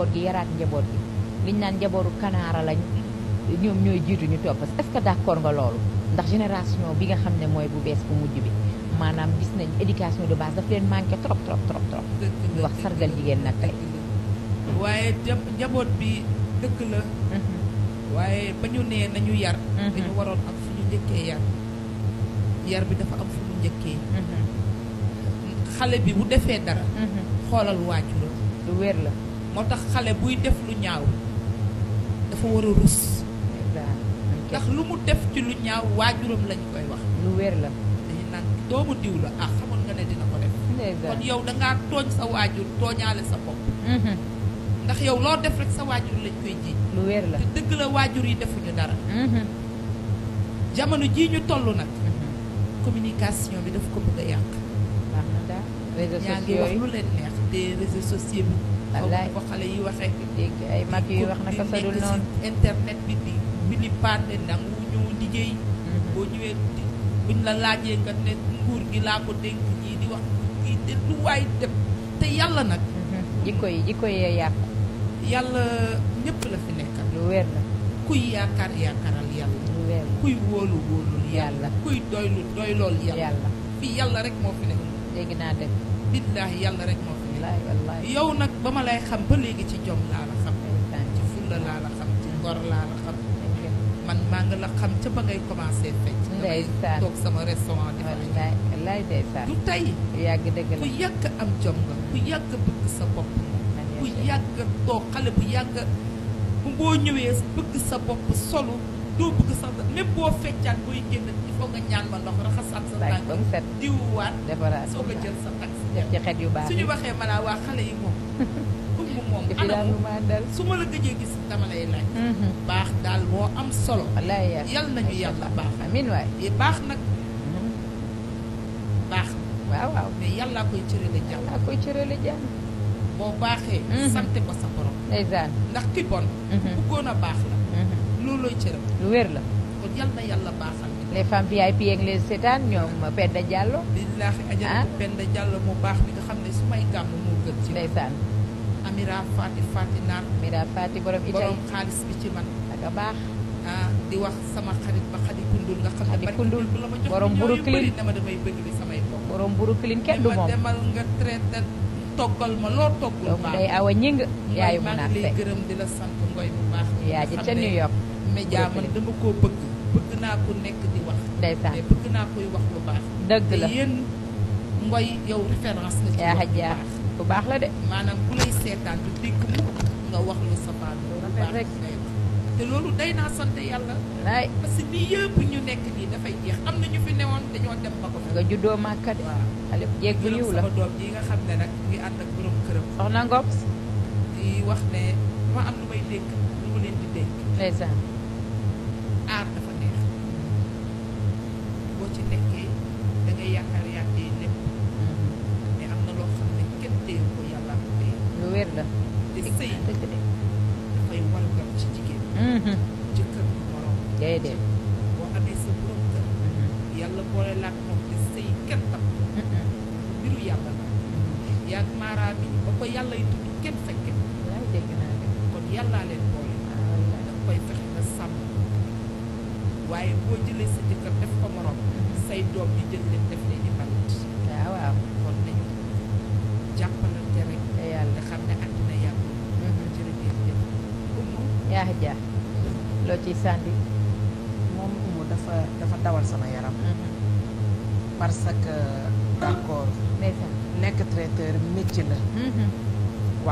njaboot gi yaraat njaboot gi liñ naan njabootu kanaara lañ ñoom ñooy jiitu ñu topp est-ce que d'accord nga loolu ndax génération bi xam ne mooy bu bees bu mujj bi maanaam gis nañ éducation de base daf leen manqué trop trop trop trop ñu wax sargal jigéen nag tey waaye njaboot bi dëkk la mhm. waaye ba ñu nee nañu yar mhm. dañu waroon am fu ñu njëkkee yar yar bi dafa am fu mu njëkkee mhm. xale bi bu defee dara xoolal waajur lu wér la moo tax xale buy def lu ñaaw dafa war a rus ndax lu mu def ci lu ñaaw waajuram lañ koy wax lu weer la dañu naan doomu diw la ah xamoon nga ne dina ko def kon yow dangaa tooñ sa waajur tooñaale sa bopp mm-hmm. ndax yow loo def rek sa waajur lañ koy jiiñ lu wér la te dëgg la waajur yi defuñu dara mm-hmm. jamono jii ñu toll nag mm-hmm. communication bi daf ko bëgg yàq yaa ngi wax lu leen neex des réseaux sociaux bi wallaay ko xale yi waxee dégg ay mag yuy wax naka sa dul noonu internet bi di bi di paate ñëw liggéey mhm. boo ñëwee buñ la laajee nga ne nguur gi laa ko dénk ñii di wax kii te lu waay def te yàlla nag mhm. jikko yi jikko yee yàqu yàlla la fi nekkal lu wér la kuy yaakaar yaakaaral yàlla lu kuy wóolu wóolul yàlla kuy doylu doylool yàlla fi yàlla rek moo fi nekk dégg naa dëgg billaahi yàlla rek moo yow nag ba ma lay xam ba léegi ci jom laa la xam ci ngor laa la xam man maa nga la xam ca ba ngay commencé fecc ndeysaan toog sama restaurant di wallaay ndeysaan yàgg dëgg la ku yàgg am jom nga ku yàgg bëgg sa bopp ku yàgg toog xale bu yàgg bu boo ñëwee bëgg sa bopp solu doo bëgg sax même boo feccaat booy génn il nga ñaan ma ndox raxasaat sa tànk diwwaat soo ko jël sa tànk def ci xet yu baax suñu waxee ma laa waa xale yi moom ëmb moom anamu su ma la gëjee gis dama lay laaj mhm. baax daal moo am solo yal nañu yàlla baax amiin waay eh, baax nag mhm. baax waaw waaw mais yàllaa koy cërale jàmm yàllaa koy boo baaxee mhm. sant ko sa borom ndeysaan ndax ki bon a baax la loolooy cëram lu wér la kon yal yàlla baaxal les femmes VIP ak les seetaan ñoom Penda Diallo. billaahi ajara ah. Penda Diallo mu baax mi nga xam ne su may gàmm moo gën ci. ndeysaan. Amira Fati Fati naan. bi ci man. ak baax. Ah, di wax sama xarit ba xadi kundul nga xam ne. xadi kundul borom Brooklyn na ma damay bëgg li kenn du moom demal nga traité toggal ma loo toggul. ma day awa ñing yaayu mu naan fekk maa ngi lay gërëm di la sant ngoy bu baax. yaa ji ca New York. média man dama koo bëgg. bëgg naa ku nekk di wax. ndeysaan mais bëgg naa kuy wax lu baax. dëgg la te yéen ngoy yow référence la. ci wax jaax bu baax la de. maanaam ku lay seetaan du dégg mu nga wax lu sa baax loolu baax naa sant yàlla. waay parce que lii yëpp ñu nekk nga juddoo màkka de. xale bu jeeg yiw la sama doom nga xam ne nag ngi ànd ak borom këram. soxna Ngop. di wax ne ma am lu may dénk lu ma leen di dénk. ndeysaan. boo ci nekkee da ngay yaakaar yaa ngi lépp mm. mais am na loo ne kenn téye ko yàlla ko téye lu wér la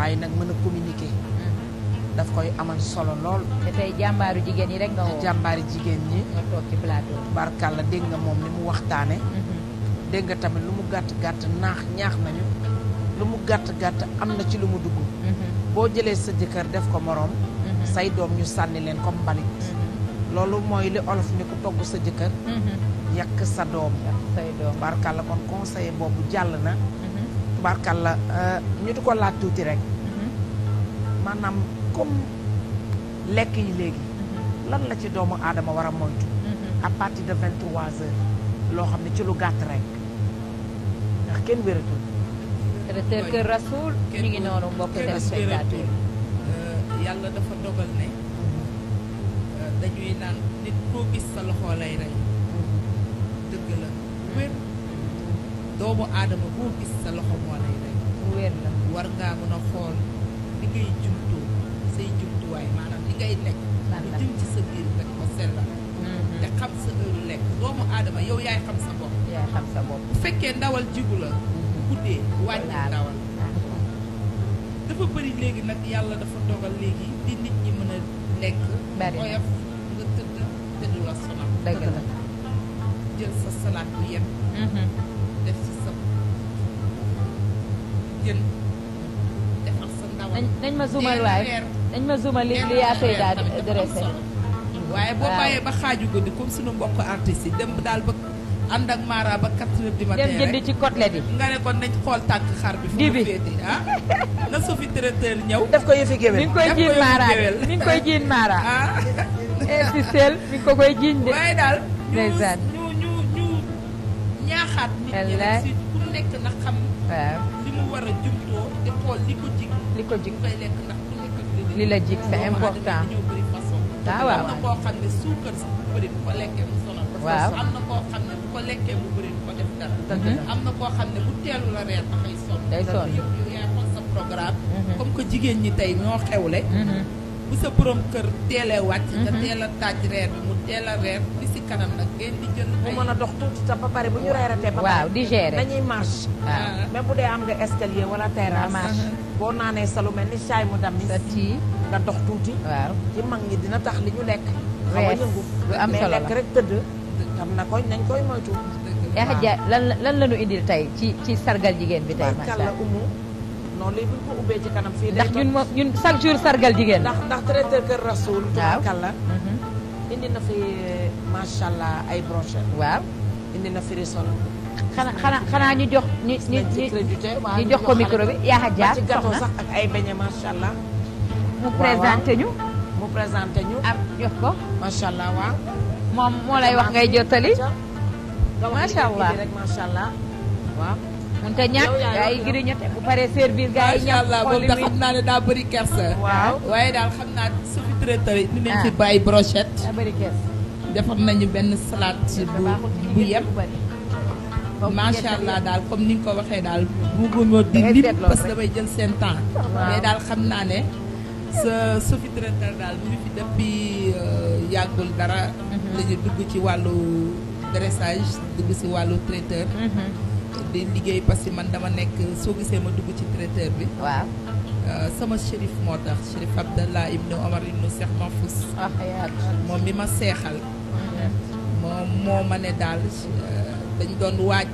waaye nag mën a communiquer. daf koy amal solo lool. te tey jàmbaaru jigéen ñi rek nga jàmbaari jigéen ñi. nga toog ci plateau. barkàlla dégg nga moom li mu waxtaane mm-hmm. dégg nga tamit lu mu gàtt gàtt naax ñaax nañu. lu mu gàtt gàtt am na ci lu mu dugg. Mm-hmm. boo jëlee sa jëkkër def ko moroom. Mm-hmm. say doom ñu sànni leen comme mbalit. loolu mooy li olof ni ku togg sa jëkkër. yàq sa doom. say doom barkàlla kon conseiller boobu jàll na. la euh, ñu di ko laat tuuti rek. maanaam comme lekk yi léegi mm-hmm. lan la ci doomu aadama war a moytu mm-hmm. à partir de vingt trois heures loo xam ne ci lu gàtt rek ndax kenn wératul directeur Kër Rasoul ñu ngi noonu mbokk téléspectateur euh, yàlla dafa dogal ne euh, dañuy naan nit koo gis sa loxo lay rey dëgg la mm-hmm. wér doomu aadama boo gis sa loxo moo lay rey wér la war ngaa mën a xool ngay jumtu say jumtuwaay maanaam li ngay lekk lu jëm ci sa biir da ko sellal te xam sa heure lekk doomu aadama yow yaay xam sa bopp bu fekkee ndawal jigu la guddee wàññi ndawal dafa nag yàlla dafa dogal léegi di nit ñi mën a lekk oyof nga tëdd te du la sonal dëgg jël sa salaat bu yem mm-hmm. dañ ma zoomal waay dañ ma zoomal li li yaa fay daal dressé waaye boo bàyyee ba xaaju guddi comme suñu mbokk artistes dem daal ba ànd ak Mara ba 4 heures du matin dem jënd ci côtelette yi nga ne kon nañ xool tànk xar bi fu mu féete ah? ñëw daf ko yëfi géwél mi ngi koy jiin Mara mi ngi koy ah. si sel mi ngi ko koy jiin de waaye daal ndeysaan ñu nekk na xam li mu war a jumtoo di xool li ko ci li ko jik la jik c'est important ah waaw mhm. am na koo xam ne suukar ko lekkee mu sonal. waaw ko def dara. Mhm. am na koo xam ne bu teelu la reer dafay sonn. day mhm. comme que jigéen ñi tey ñoo xewle. bu sa borom kër teelee wàcc nga mhm. teel taaj reer bi mu teel reer li si kanam nag ngeen mën a dox tuuti te ba pare bu ñu reeratee ba pare digérer dañuy marche waaw même bu dee am nga escalier wala terrasse ah, boo naanee sa lu mel ni saay mu dam sa tii nga dox tuuti waaw ci mag ñi dina tax li ñu lekk xaw a yëngu lu am solo la lan lan la ñu indil tey ci ci sargal jigéen bi tey macha allah non lii bu ci kanam fii ndax ñun ñun chaque jour sargal jigéen ndax ndax traiteur Kër Rasoul tubaarkàlla mhm. indi na fi eh, macha allah ay brochette waaw indi na fi risol xanaa xanaa xanaa ñu jox ñu ñu ñu jox ko micro yaa xa jaar ci sax ak ay beñe macha allah mu présenté ñu mu présenté ñu ak jox ko macha allah waaw moom moo lay wax ngay jottali macha allah macha allah waaw mënut a ñàkk gars yi giriñate xam naa ne daa bëri kersa. waaw waaye daal xam naa su fi traité dinañ ci bàyyi brochette. daa nañu benn salaat ci bu bu yem. macha allah daal comme ni nga ko waxee daal bugguma di nit parce que damay jël seen temps. mais daal xam naa ne sa sous-traiteur daal mu ngi fi depuis euh, yàggul dara. Mm-hmm. dañu dugg ci wàllu dressage dugg ci wàllu traiteur. Mm-hmm. di liggéey parce que man dama nekk soo gisee ma dugg ci traiteur bi. waaw. Euh, sama shérif moo tax shérif Abdallah ibnu Omar ibnu Cheikh Mahfous. Ah, moom bi ma seexal. moom moo ma ne daal euh, dañ doon waaj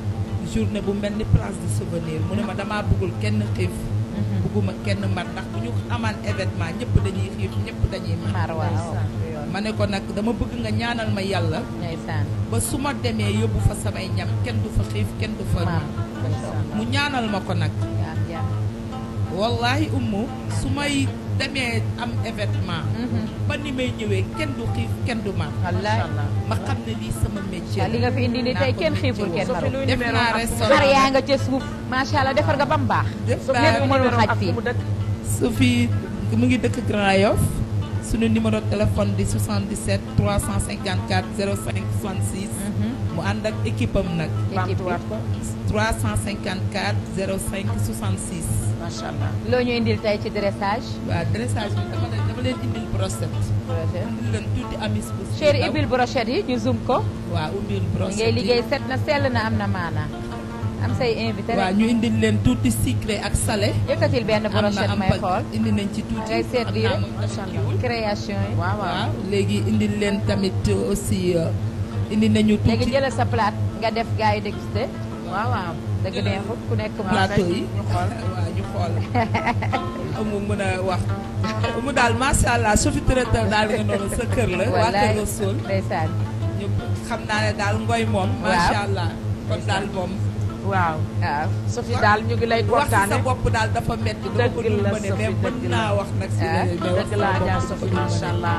journée bu mel ni place de souvenir mu ne ma damaa bëggul kenn xiif. Mhm. bëgguma kenn mar ndax bu ñu amaan événement ñëpp dañuy xiif ñëpp dañuy mar. ma ne ko nag dama bëgg nga ñaanal ma yàlla. ba su ma demee yóbbu fa samay ñam kenn du fa xiif kenn du fa. mu ñaanal ma ko nag. wallahi ummu su may demee am événement. Mhm. ba ni may ñëwee kenn du xiif kenn du mar. ma xam ne lii sama métier li nga fi indi nii tey kenn xiiful kenn naa restaurant xar yaa nga ca suuf. macha allah defar nga ba mu baax. def naa mënul fii fi mu ngi dëkk Grand Yoff suñu numéro téléphone di 77 354 05 66. mu ànd ak équipe am nag. équipe ko 354 05 66. macha allah loo ñu indil tey ci dressage. waaw dressage bi dama leen dama leen indil brochette. indil leen tuuti amis. bu chéri ibil brochette yi ñu zoom ko. waaw ubbil brochette yi ngay liggéey set na sell na am na maanaa. am say invité rek ñu indil leen tuuti sucré ak salé. yëkkatil benn brochette may xool indi nañ ci tuuti. ngay création yi. léegi indi leen tamit aussi euh, indi nañu. tuuti léegi jëlal sa plate nga def gars yi dégusté. waaw waaw dëgg neexut xool waaw ñu mën wax. mu daal macha allah su fi traiteur daal nga noonu sa kër la. waa kër Rasoul ndeysaan xam naa ne daal ngoy moom. waaw allah kon daal moom. waaw waaw Sophie daal ñu ngi lay kontaane wax sa bopp daal dafa métti dëgg la Sophie dëgg la wax nag si ah, dëgg la Adja Sophie macha allah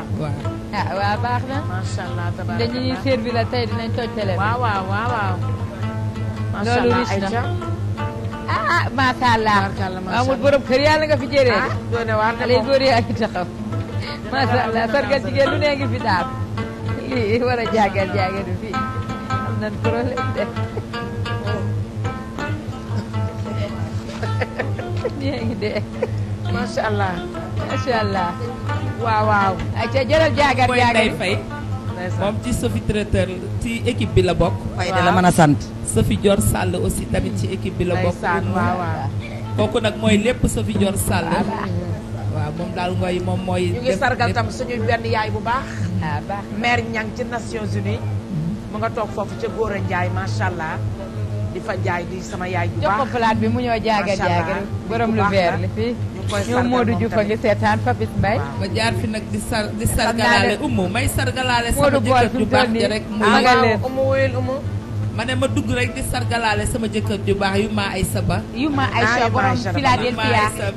ah waaw baax na macha allah tabaar dañuy servir la tey dinañ toj télé waaw waaw waaw waaw macha allah Aïcha ah macha allah amul borom kër yàlla nga fi jëree ah, doone waar na lay góor yaa ngi taxaw macha allah sargal jigéen lu nee ngi fi daal lii war a jaagal jaagal fii am nan problème de yaa macha allah macha allah waaw waaw. ayca jëlal jaagar jaagar moom ci Sophie Traiteur ci équipe bi la bokk. fay da la mën a sant. Sophie Sall aussi tamit ci équipe bi la bokk. waaw nag mooy lépp Sophie Dior ah, waaw moom daal mooy moom mooy. ñu ngi sargal tam suñu benn yaay bu baax. Ah, maire ñang ci Nations Unies. Mhm. mu nga toog foofu ca Gora Ndiaye macha allah. di fa jaay di sama yaay bu bi mu ñëw jaaga jaaga borom lu vert li fii ñoom Modou Diouf a ngi seetaan Papis Mbaye ba jaar fi nag di sar di sargalaale umu may sargalaale sama jëkkër ju baax rek mu umu wuyul umu ma ne ma dugg rek di sargalaale sama jëkkër ju baax yu ma ay saba yu ma ay ah, saba borom Philadelphia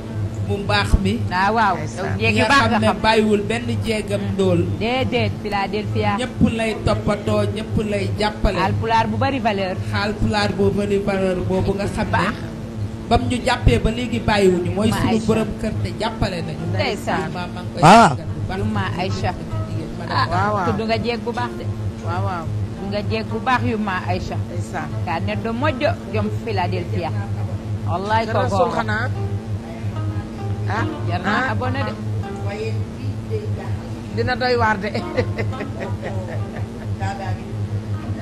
bu mbaax bi. Ah, waaw waaw jéeg yu baax nga xam ne bàyyiwul benn jéegam dool. déedéet Philadelphia. ñëpp lay toppatoo ñëpp lay jàppale. alpulaar bu bari valeur. alpulaar bu bari valeur boobu nga xam ne. bam ñu jàppee ba léegi bàyyiwuñu mooy suñu borom kër te jàppale nañu. ndeysaan ah. ah, waaw. Yuma Aïcha. ah tudd baax de. waaw waaw. ne do moƴƴo jom Philadelphia. ah jar naa ah. de. dina doy waar de.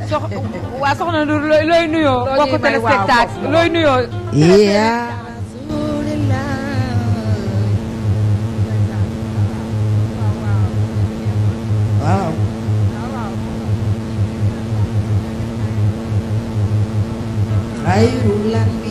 sox waa soxna Ndour looy looy nuyoo. bokk téléspectacle looy nuyoo. yaa Rasulillah. waaw. xayru lan.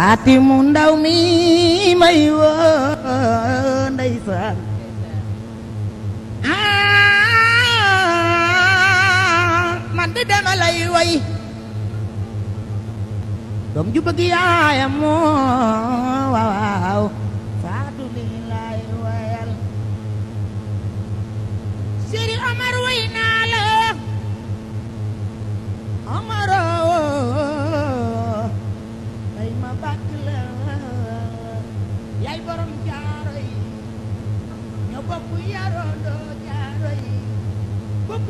faati mu ndaw mi may woo ndeysaan man de dama lay way doom ju bëgg yaayam moo waaw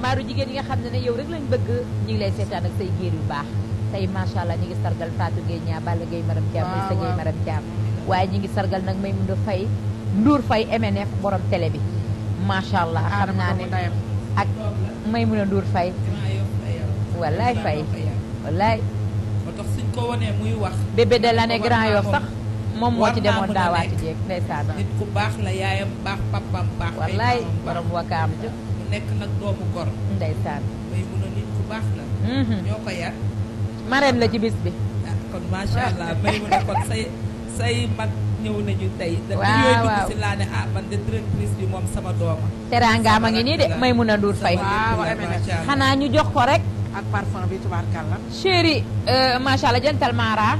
jàmbaaru jigéen yi nga xam ne ne yow rek lañ bëgg ñu ngi lay seetaan ak say géer yu baax tey macha allah ñu ngi sargal Fatou Gueye ñaa Balla Gueye maram Thiam waaye ñu ngi sargal nag may mën fay Ndour Faye MNF borom télé bi macha allah ah, naa ne ak may mën a Ndour Faye muy wax bébé de l'année sax moom moo ci demoon daawaati jeeg ndeysaan nit ku baax la yaayam baax papam baax wallaay borom wakaam nekk nag doomu gor. ndeysaan. may mun a nit ku baax la. Mhm. ñoo ko yar. marraine la ci bis bi. Ah, kon macha may mun a kon say say mag ñëw nañu tey. waaw waaw ah, man de directrice bi moom sama dooma. teraangaam a ngi nii de may mun a nduur fay. waaw xanaa ñu jox ko rek. ak parfum euh, jantal Mara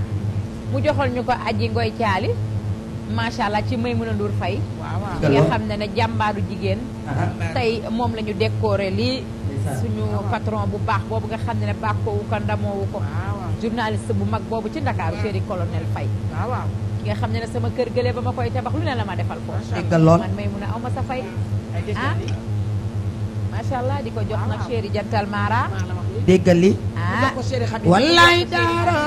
mu joxal ñu ko aji ngoy caali macha ci may mun a nduur fay. waaw waaw nga xam ne ne jàmbaaru jigéen. tey moom la ñu décoré lii suñu patron bu baax boobu nga xam ne bàkkoowu ko ndamoowu ko journaliste bu mag boobu ci Ndakaaru chéri colonel Faye nga xam ne ne sama kër gële ba ma koy tabax lu ne la ma defal ko man may mun a aw ma sa fay ah macha allah di ko jox nag chéri jantal Mara déggal li ah wallaay daro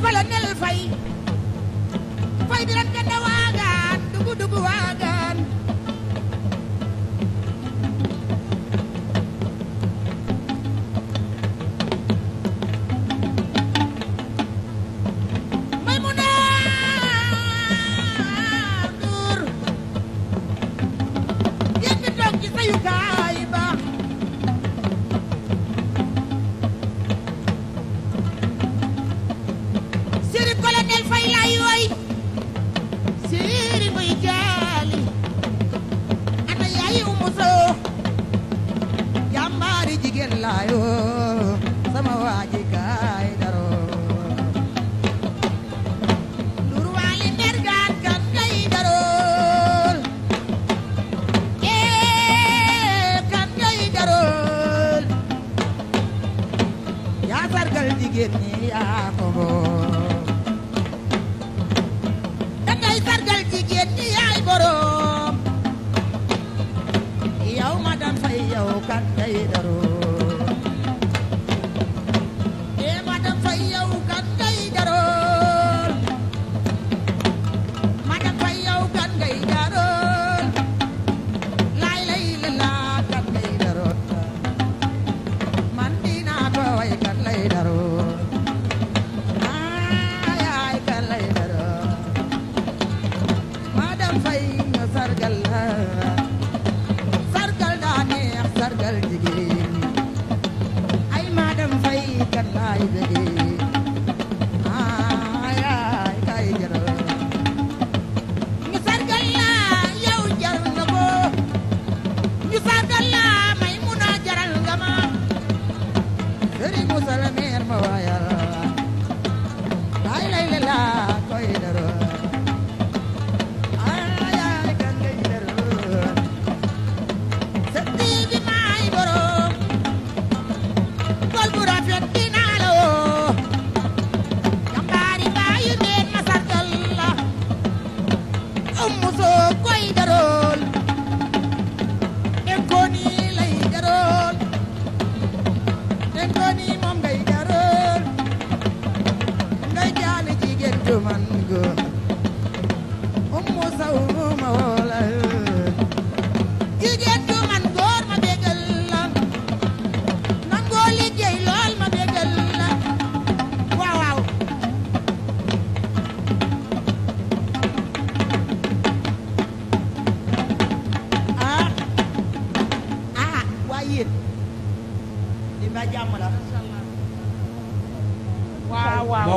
colonel Faye Faye bi ran ganda waagaan dugu dugu waagaan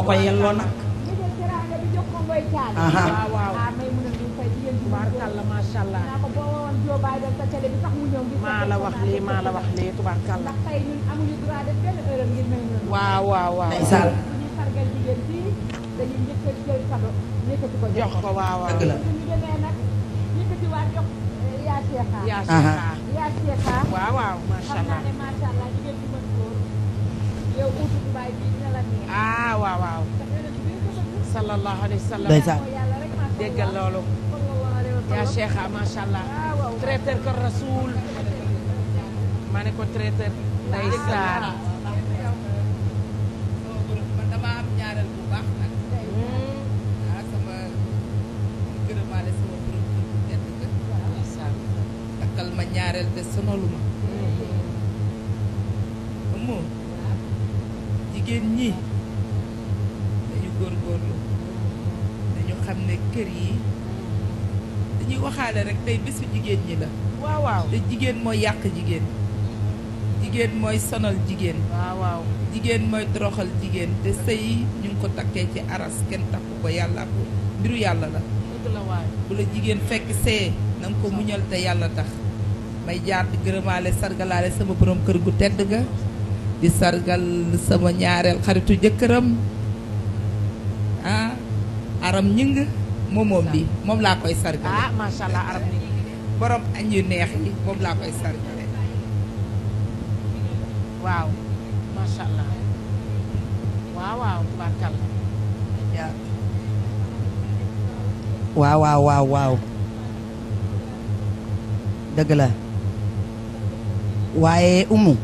moo ko yelloo nag ndeysaan déggal loolu yaa cheikha ah, macha allah traiteur ko rasoul ma ne ko traiteur ndeysaan ñaareel te sonaluma waxaale rek tey bésu jigéen ñi la. waaw waaw te jigéen mooy yàq jigéen. jigéen mooy sonal jigéen. waaw waaw jigéen mooy toroxal jigéen te sëy ñu ngi ko takkee ci aras kenn takku ko yàlla ko mbiru yàlla la. dëgg bu la jigéen fekk see na ko muñal te yàlla tax. may jaar di gërëmaale sargalaale sama borom kër gu tedd ga di sargal sama ñaareel xaritu jëkkëram ah, aram ñing moom moom bi moom laa koy sargal ah macha allah borom añ yu neex yi moom laa koy sargale waaw waaw waaw waaw waaw dëgg la waaye umu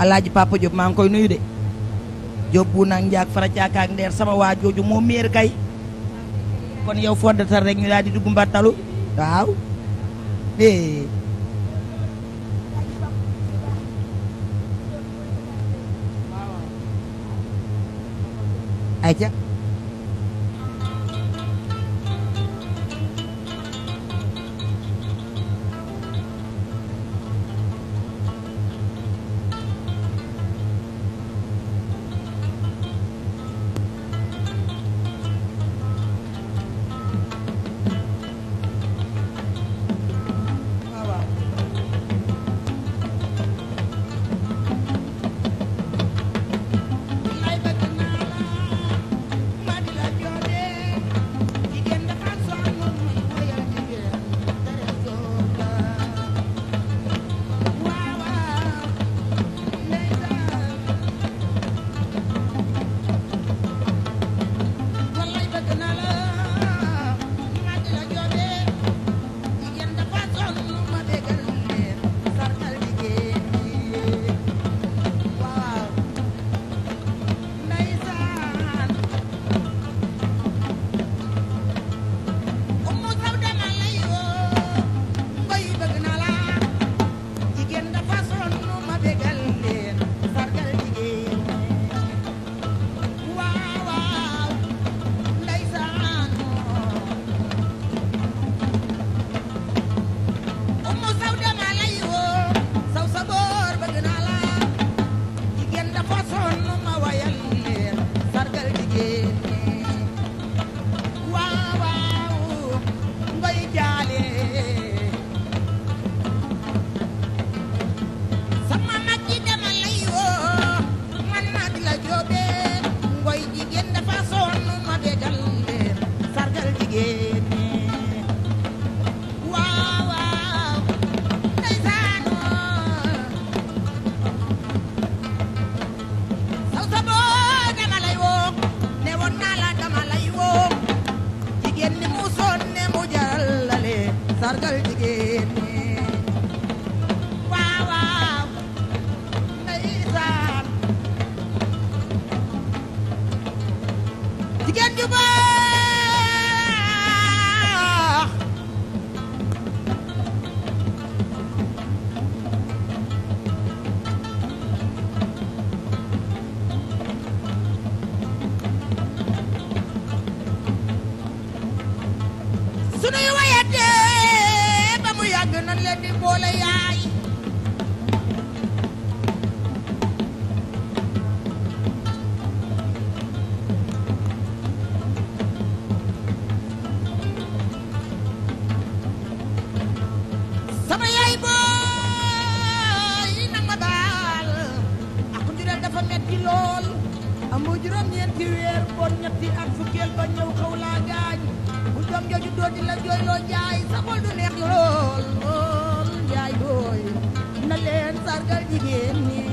alaaji papa Diop maa ngi koy nuyu de Diop bu nag njaag fara caakaak sama waa jooju moo meer kay kon yow foo datar rek ñu daal di dugg mbattalu waaw eh. ayca doom jooju doo di la jooy loo njaay sa xol du neex lool lool njaay booy na leen sargal jigéen ñi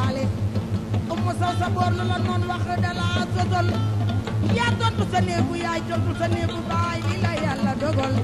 faale umu saw sa boor lu la noon wax dala sosol yaa tontu sa néegu yaay tontu sa néegu baay li la yàlla dogal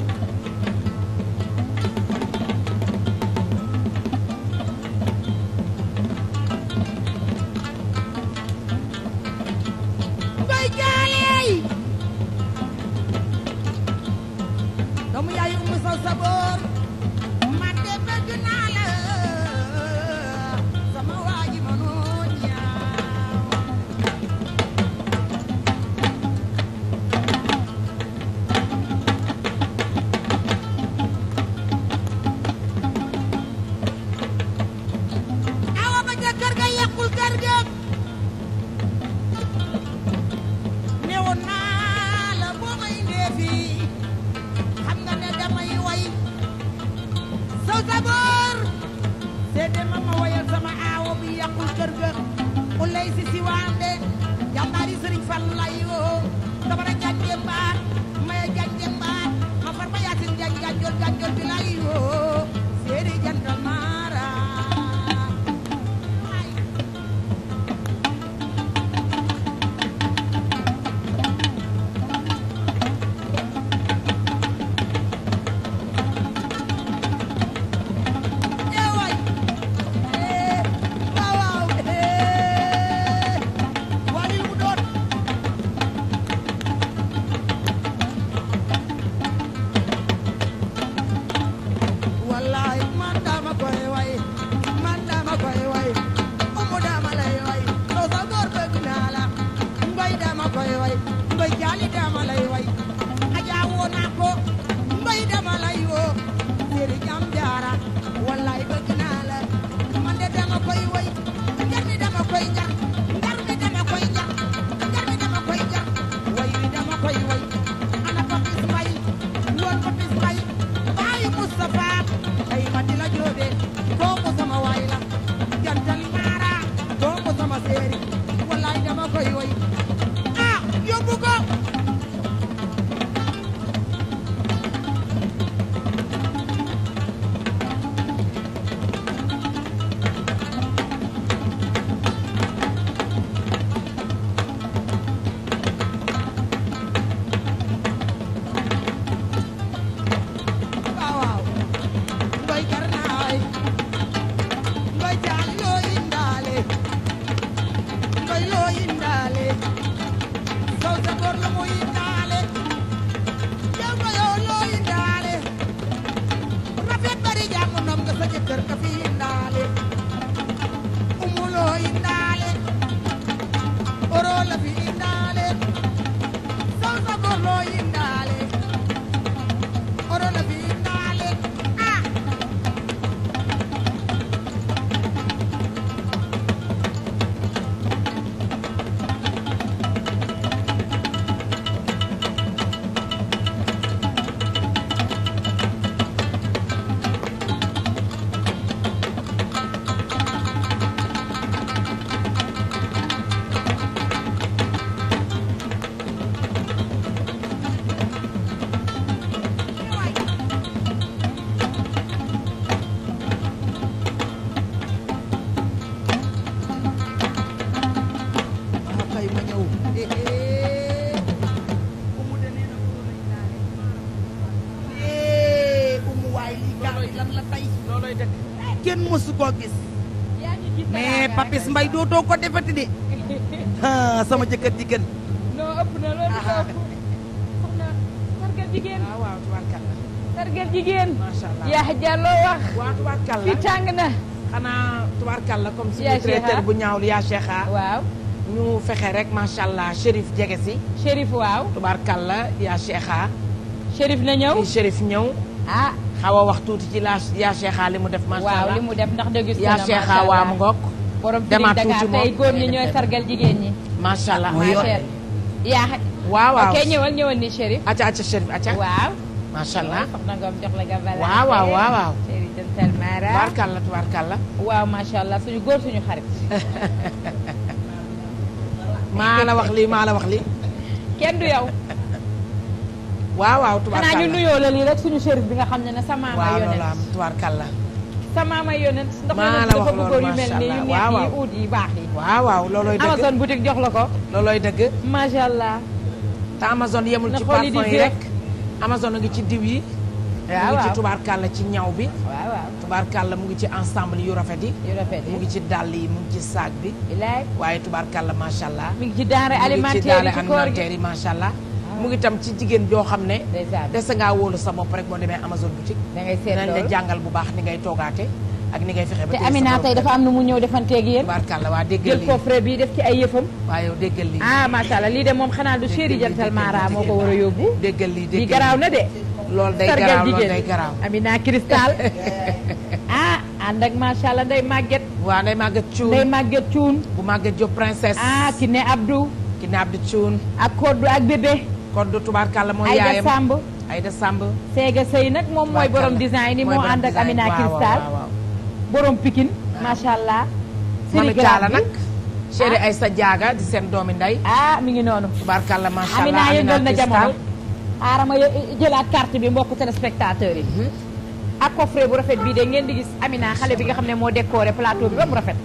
Dakar la mooy doo ko defati de sama jëkkër ji gën. non ëpp na loolu ëpp. soxna sargal jigéen. Ah, waaw jigéen. macha allah yaa wax. fi tàng na. xanaa tubaarkalla comme suñu traiteur bu ñaawul yaa Cheikha. waaw. ñu fexe rek macha allah jege si. Chérif waaw. tubaarkalla yaa Cheikha. Chérif na ñëw fii Chérif ñëw. ah xaw a wax tuuti ci la yaa Cheikha li mu def. macha ndax dëgg yaa Cheikha waa mu ngoog. borom demaat tuuti moom tey góor ñi ñooy sargal jigéen ñi. macha allah mooy yoon yaa waaw waaw ok ñëwal ñëwal ni Chérif. acca acca Chérif acca. waaw. macha allah soxna Ngom jox la nga balaa. waaw waaw waaw Chérif Jën Salmara. tubaarkàlla tubaarkàlla. waaw macha allah suñu góor suñu xarit. maa la wax lii maa la wax lii. kenn du yow. waaw waaw tubaarkàlla xanaa ñu nuyoo la lii rek suñu Chérif bi nga xam ne ne sama. waaw loolu am tubaarkàlla sa maama yonent ndax yu mel ni yu waaw waaw loolooy dëgg Amazon jox la ko loolooy dëgg macha allah te Amazon yemul ci parfum yi rek Amazon a ngi ci diw yi mu ngi ci tubaarkàlla ci ñaw bi waaw waaw mu ngi ci ensemble yu rafet yu rafet yi mu ngi ci dàll yi mu ngi ci saag bi waaye tubaarkàlla macha allah mu ngi ci denrée alimentaire yi macha allah mu ngi tam ci jigéen joo xam ne. dese ngaa wóolu sa bopp rek boo demee Amazon boutique. da ngay seet nañ jàngal bu baax ni ngay toogaate. ak ni ngay fexe ba te Amina tey dafa am nu mu ñëw defanteeg yéen. tubaarkàlla waa déggal lii jël coffret bi def ci ay yëfam. waaw yow déggal lii ah macha allah lii de moom xanaa du chéri jantal Mara moo ko war a yóbbu. déggal lii déggal lii garaaw na de. lool day garaaw lool day garaaw Amina cristal ah ànd ak macha allah nday màgget. waa nday màgget cuun nday màgget bu màgget jo princesse. ah ki ne Abdou. ki ne code tubaarkàlla mooy yaayam Aïda Samb Aïda Samb Séga Sey nag moom mooy borom design yi moo ànd ak Amina Cristal borom Pikine macha allah mami Thiala nag chéri ay ah. sa jaaga di seen doomi nday ah mi ngi noonu tubaarkàlla macha allah Amina yëngal na jamono aarama jëlaat carte bi mbokk téléspectateurs yi mhm. ak coffret bu rafet bii de ngeen di gis Amina xale bi nga xam ne moo décoré plateau bi ba mu rafet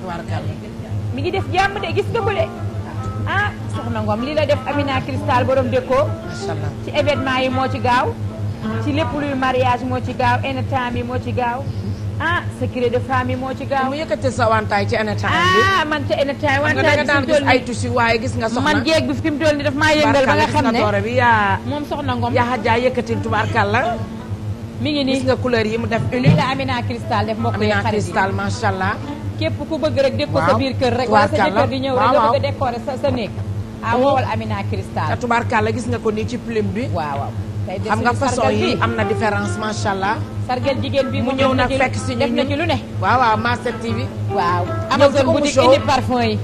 mi ngi def jàmm de gis nga ko soxna Ngom lii la def Amina Cristal borom déco ci événement yi moo ci gaaw ci lépp luy mariage moo ci gaaw entertainment yi moo ci gaaw ah secret de famille moo ci gaaw mu yëkkati sa wantaay ci entertainment bi ah man ca entertainment wantaay bi daan gis ay tusi waaye gis nga soxna man fi mu toll ni daf maa yëngal ba nga xam ne bi yaa moom soxna Ngom yaa xajaa yëkkati tubaarkàlla mi ngi nii gis nga couleur yi mu def unique la Amina Cristal def mbokk yi Amina Cristal macha allah képp ku bëgg rek déko sa kër rek wala di ñëw a décorer sa sa néeg Awa ah, wala Amina Cristal. tubaarkàlla gis nga ko nii ci plume bi. waaw waaw xam nga façon yi am na différence macha allah. sargal jigéen bi mu ñëw na fekk si ñu def na ci lu ne. waaw waaw Master bi waaw Amazon boutique indi parfum yi.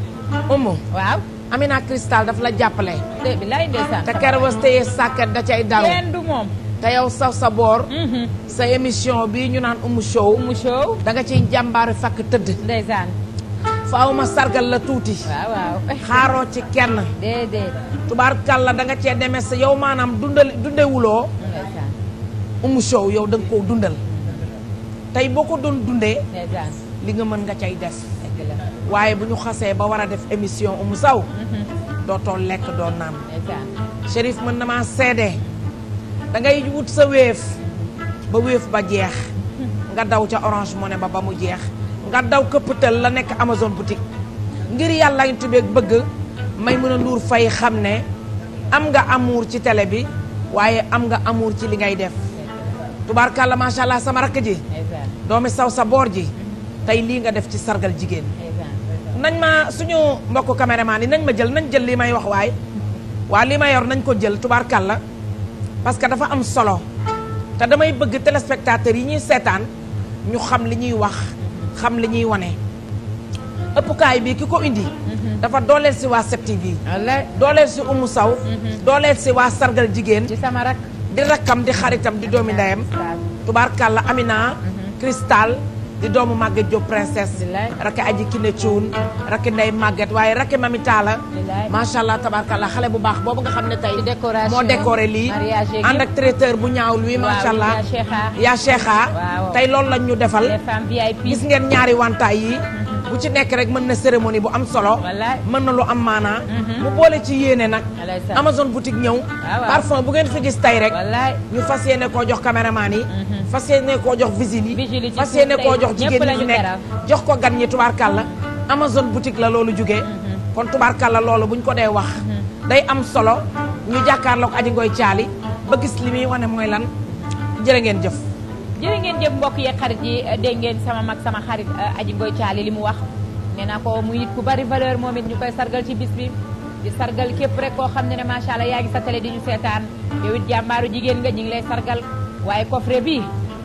umu waaw. Amina Cristal daf la jàppale. dégg nga te Kerewas téye sàkket da cay daw. moom. te yow saw sa boor. Mhm. sa émission bi ñu naan umu show. umu show da nga ciy jàmbaaru fakk tëdd. ndeysaan. faaw ma sargal la tuuti. waaw waaw xaaroo ci kenn. déedéet. tubaarkàlla da nga cee deme sa yow maanaam dundal dundewuloo. umu sow yow da nga koo dundal. tey boo ko doon dunde li nga mën nga cay def. waaye bu ñu xasee ba war a def émission umu saw mhm. dootoo lekk doo naan. Chérif mën na maa seede. da ngay wut sa wéef ba wéef ba jeex. Mhm. nga daw ca orange ne ba ba mu jeex. nga daw këppatal la nekk Amazon boutique ngir yàlla ñu tubeeg bëgg may mën a nduur fay xam ne am nga amour ci tele bi waaye am nga amour ci li ngay def tubaarkàlla macha allah sama rakk ji doomi saw sa boor ji tey lii nga def ci sargal jigéen nañ ma suñu mbokk caméraman yi nañ ma jël nañ jël li may wax waaye waa lii ma yor nañ ko jël tubaarkàlla parce que dafa am solo te damay bëgg téléspectateurs yi ñuy seetaan ñu xam li ñuy wax xam li ñuy wane ëppukaay bi ki ko indi mhm. dafa dooleel si waa 7TV dooleel si Oumou Sow mhm. dooleel si waa sargal jigéen ci sama rak di rakkam di xaritam di doomi ndeyam tubaarkàlla Amina Cristal mhm. di doomu Maguette Diop princesse rakk aji Kiné Thioune rakk ndey màgget waaye rakk Mami Talla macha allah tabarkallah xale bu baax boobu nga xam ne tey moo décoré lii ànd ak traiteur bu ñaawul wi macha allah yaa Cheikha tey loolu lañ ñu defal gis ngeen ñaari wantaay yi bu ci nekk rek mën na cérémonie bu am solo. mën na lu am maanaa. Mhm. mu boole ci yéene nag. Amazon boutique ñëw. Ah, parfum bu ngeen fi gis tey rek. ñu fas yéene koo jox caméraman yi. Mhm. fas yéene koo jox vigile yi. fas yéene koo jox jigéen ñi fi nekk jox ko gan ñi tubaarkàlla. Amazon boutique la loolu jugee. Mhm. kon tubaarkàlla loolu buñ ko dee wax. day am solo ñu jàkkaarloog aji ngoy caali ba gis li muy wane mooy lan jërë ngeen jëf. jërë ngeen jëf mbokk yeeg xarit yi dégg ngeen sama mag sama xarit eh, Aji Ngoy Caali li mu wax nee naa ko muy nit ku bari valeur moom it ñu koy sargal ci bis bi di sargal képp rek koo xam ne ne macha allah yaa ngi di ñu seetaan jàmbaaru jigéen nga ñu lay sargal waaye coffret bi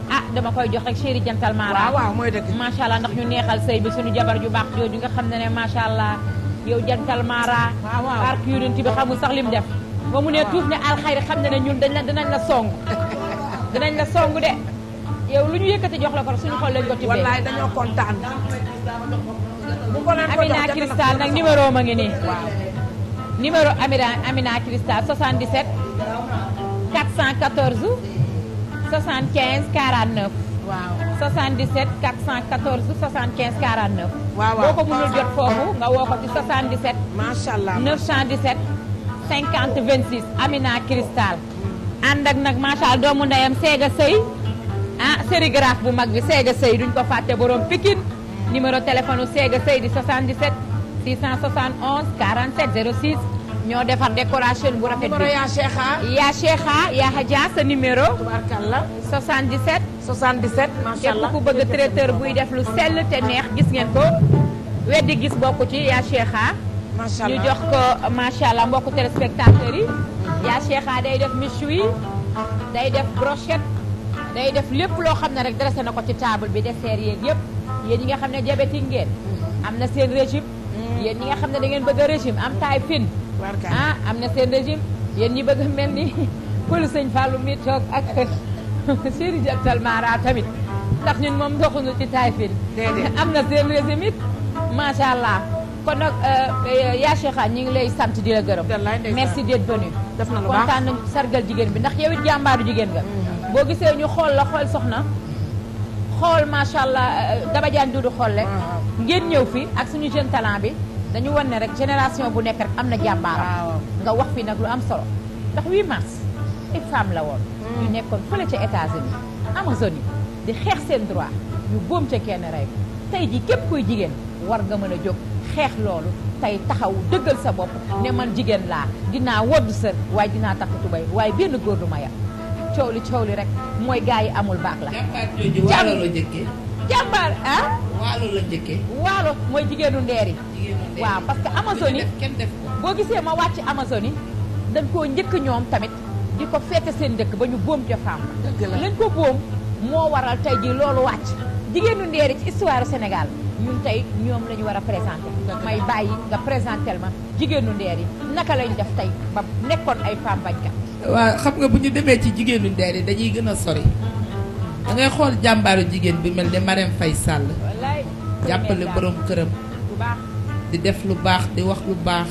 ah dama koy jox rek chéri jantal maara mooy dëgg macha allah ndax ñu neexal sëy bi suñu jabar ju baax jooju nga xam ne ne macha allah yow jantal maara barke yonent bi xamul sax lim def ba mu ne tuuf ne alxayri xam ne ne ñun dañ la dinañ la song dinañ la song de yow lu ñu yëkkati jox la ko suñu xol lañ ko tibbee. wallaay dañoo kontaan. bu ko leen ko jox Amina Cristal nag numéro ma ngi nii. numéro Amina Amina Cristal 77. 414. 75 49. waaw 77 414 75 49. waaw waaw boo ko mënul jot foofu nga woo ko ci 77. macha allah 917. 50 26 Amina Cristal. ànd ak nag macha doomu ndeyam Séga Sey. ah sérigraphe bu mag bi Séga Sey duñ ko fàtte borom Pikine numéro téléphone Séga Sey di 77 671 47 06 ñoo defar décoration bu rafet bi numéro yaa Cheikha. yaa Cheikha yaa Hadja sa numéro. tubaarkalla 77. 77 macha allah képp ku bëgg traiteur buy def lu sell te neex gis ngeen ko. weddi gis bokku ci yaa Cheikha. macha ñu jox ko macha allah mbokk téléspectateurs yi. yaa Cheikha day def méchoui day def brochette. day def lépp loo xam ne rek dressé na ko ci table bi dessert yeeg yëpp yéen ñi nga xam ne diabétique ngeen am na seen régime mm. yéen ñi nga xam ne da ngeen bëgg a régime am taay fin ah am na seen régime yéen ñi bëgg a mel ni sëñ Fallou mi toog ak Sëriñ Jabtal Mara tamit ndax ñun moom doxuñu ci taay fin am na seen régime it macha allah kon nag euh, yaa Cheikha ñu ngi lay sant di la gërëm merci d'être venu kontaan nañu sargal jigéen bi ndax yow it jàmbaaru jigéen nga mm. boo gisee ñu xool la xool soxna xool macha allah euh, Daba Diagne xool rek ah, ngeen ñëw fii ak suñu jeune bi dañu wan ne rek génération bu nekk rek am na jàmbaaram ah, nga wax fi nag lu am solo ndax 8 mars it femme la woon hmm. ñu nekkoon fële ca États-Unis Amazonie di xeex seen droit ñu boom ca kenn rey tey jii képp kuy jigéen war nga mën a jóg xeex loolu tey taxaw dëggal sa bopp ah. ne man jigéen laa dinaa wodd sër waaye dinaa takk tubay waaye benn góor du coow li coow li rek mooy gars yi amul baax la. jàmbaar jooju waalo la jëkkee. jàmbaar ah. waalo la jëkkee. mooy jigéenu ndeer yi. waaw parce que Amazone boo gisee ma wàcc Amazone yi dañ koo njëkk ñoom tamit di ko féete seen dëkk ba ñu boom ca femme. lañ ko boom moo waral tey jii loolu wàcc. jigéenu ndeer yi ci histoire Sénégal ñun tey ñoom la ñu war a présenté. may bàyyi nga présentel ma jigéenu ndeer yi naka lañ def tey ba nekkoon ay femme bañkat waaw xam nga bu ñu demee ci jigéenu yi dañuy gën a sori da ngay xool jàmbaaru jigéen bi mel ne Marème fay Sall jàppale borom këram di def lu baax di wax lu baax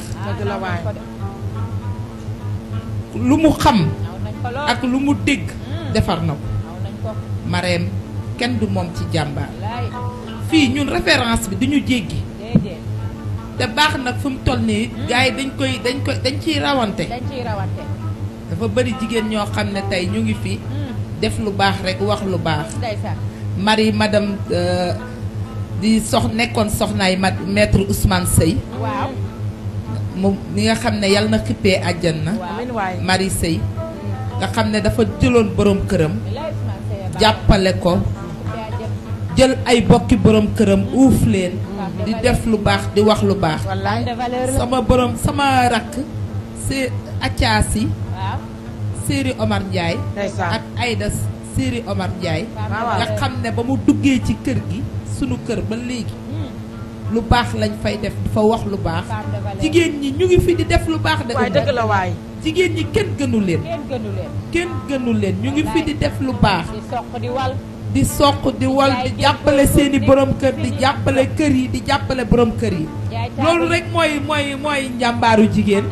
lu mu xam ak lu mu dégg defar na ko Marème kenn du moom ci jàmbaar fii ñun référence bi duñu jéggi te baax nag fu mu toll nii gars dañ koy dañ koy dañ ciy rawante dafa bëri jigéen ñoo xam ne tey ñu ngi fi. Hmm. def lu baax rekk wax lu baax. Marie madame euh, di sox nekkoon soxnaay ma maître Ousmane Seye. waaw. moom nga xam ne yàlla na xippee àjjana. waaw Marie Seye. nga xam ne dafa jëloon boroom këram. jàppale ko. jël ay bokki boroom këram uuf leen. Hmm. di def lu baax di wax lu baax. sama borom sama rakk si accaas Siri Omar Ndiaye. ak Aïda séeri Omar Ndiaye. nga xam ne ba mu duggee ci kër gi sunu kër ba léegi. Hmm. lu baax lañ fay def di wax lu baax. jigéen ñi ñu ngi fi di def lu baax. de dëgg jigéen ñi kenn gënu leen. kenn gënu leen. ñu ngi fi di def lu baax. di soq di wal. di jàppale seeni borom kër di jàppale kër yi di jàppale borom kër yi. loolu rek mooy mooy mooy njàmbaaru jigéen.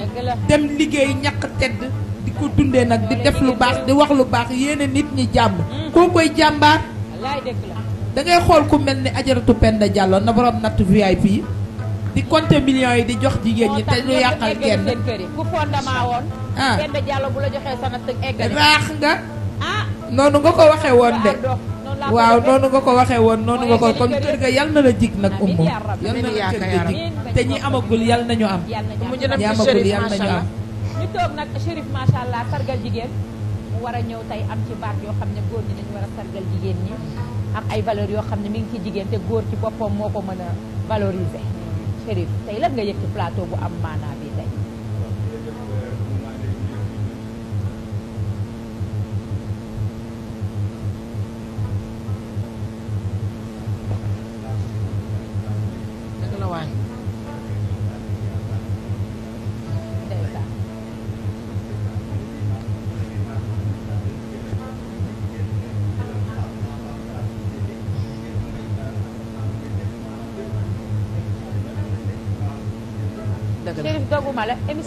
dem liggéey ñàkk tedd. ko dundee nag di def lu baax di wax lu baax yéene nit ñi jàmm koo koy jàmbaar dangay xool ku mel ni ajaratu Penda Diallo na borom natt VIP di compter millions yi di jox jigéen ñi te lu yàqal kenn ku fondement woon ah. Penda bu la sa natt egg raax nga ah. noonu nga ko waxe woon de waaw noonu nga ko waxee woon noonu nga ko kon kër ga yal na la jig nag ummu yal na la kër ga jig te ñi amagul yal nañu am ñi amagul yal nañu am toog nag Chérif macha allah sargal jigéen mu war a ñëw tey am ci baat yoo xam ne góor ñi dañu war a sargal jigéen ñi am ay valeurs yoo xam ne mi ngi ci jigéen te góor ci boppam moo ko mën a valoriser Chérif tey lan nga yëg ci plateau bu am maanaa bi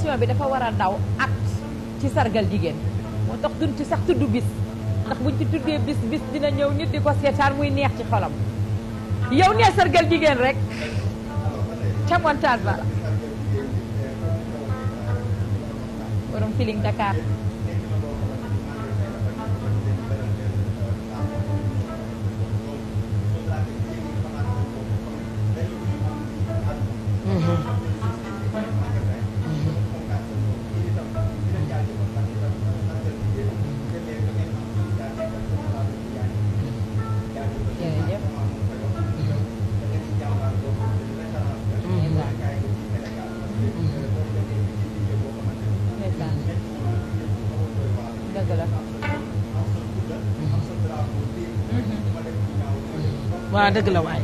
émission bi dafa war a daw ak ci sargal jigéen moo tax duñ ci sax tudd bis ndax buñ ci tuddee bis bis dina ñëw nit di ko seetaan muy neex ci xolam yow nee sargal jigéen rek ca montaan ba borom Feeling Dakar waa dëgg la waay.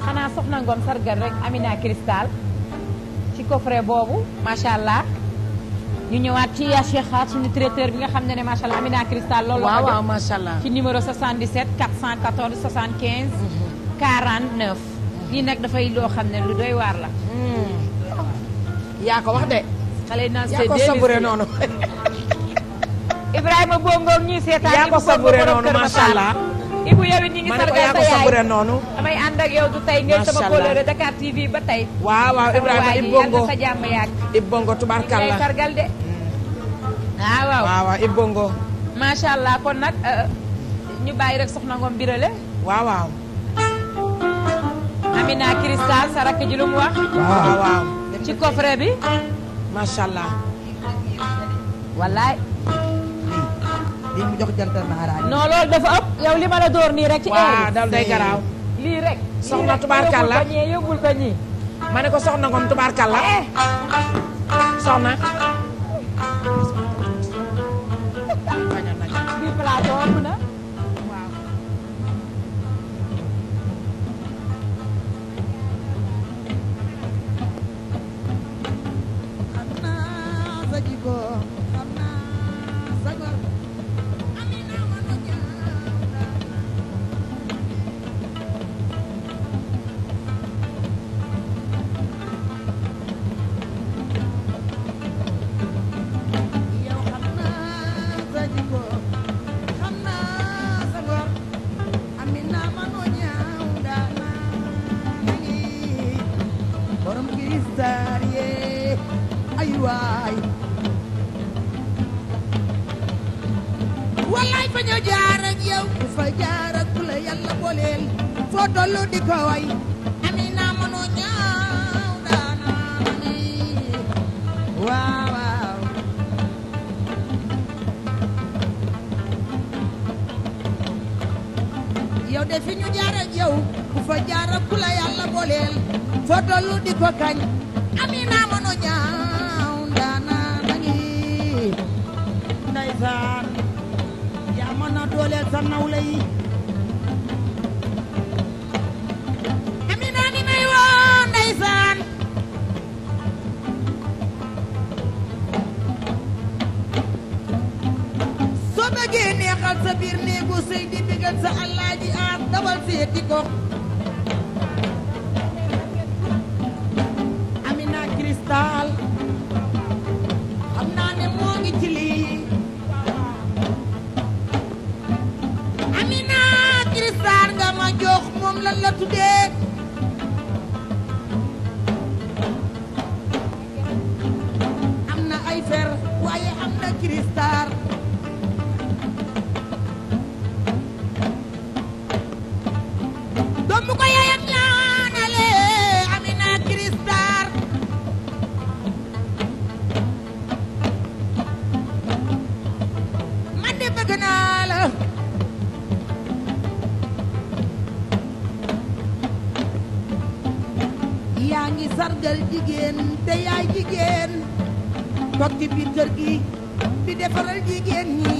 xanaa soxna Ngom sargal rek Amina Cristal ci coffret boobu macha allah. ñu ñëwaat ci yaa Cheikh Xaar suñu traiteur bi nga xam ne ne macha allah Amina Cristal loolu waaw waaw macha allah ci numéro 77 414 75. 49. lii nag dafay loo xam ne lu doy waar la. Hmm. yaa ko wax de. xale yi naan c'est yaa ko saburé noonu. Ibrahima Bongo ñuy seetaan. yaa ko saburé noonu macha allah Ibu yow it sargal sa yaay TV ba tey waaw waaw Ibrahima Ib Bongo ah, kon nag euh, ñu bàyyi rek soxna Ngom Birale waaw waaw Amina Cristal sa rakk ji waaw ci coffret bi macha allah bi mu jox jantal maaraay. li ma la door nii rek. ci heure waaw dal day garaaw. lii rek soxna tubaarkàlla yëgul ko ñii ma ne ko soxna dal jigéen te yaay jigéen toog ci biir kër gi di defaral jigéen ñi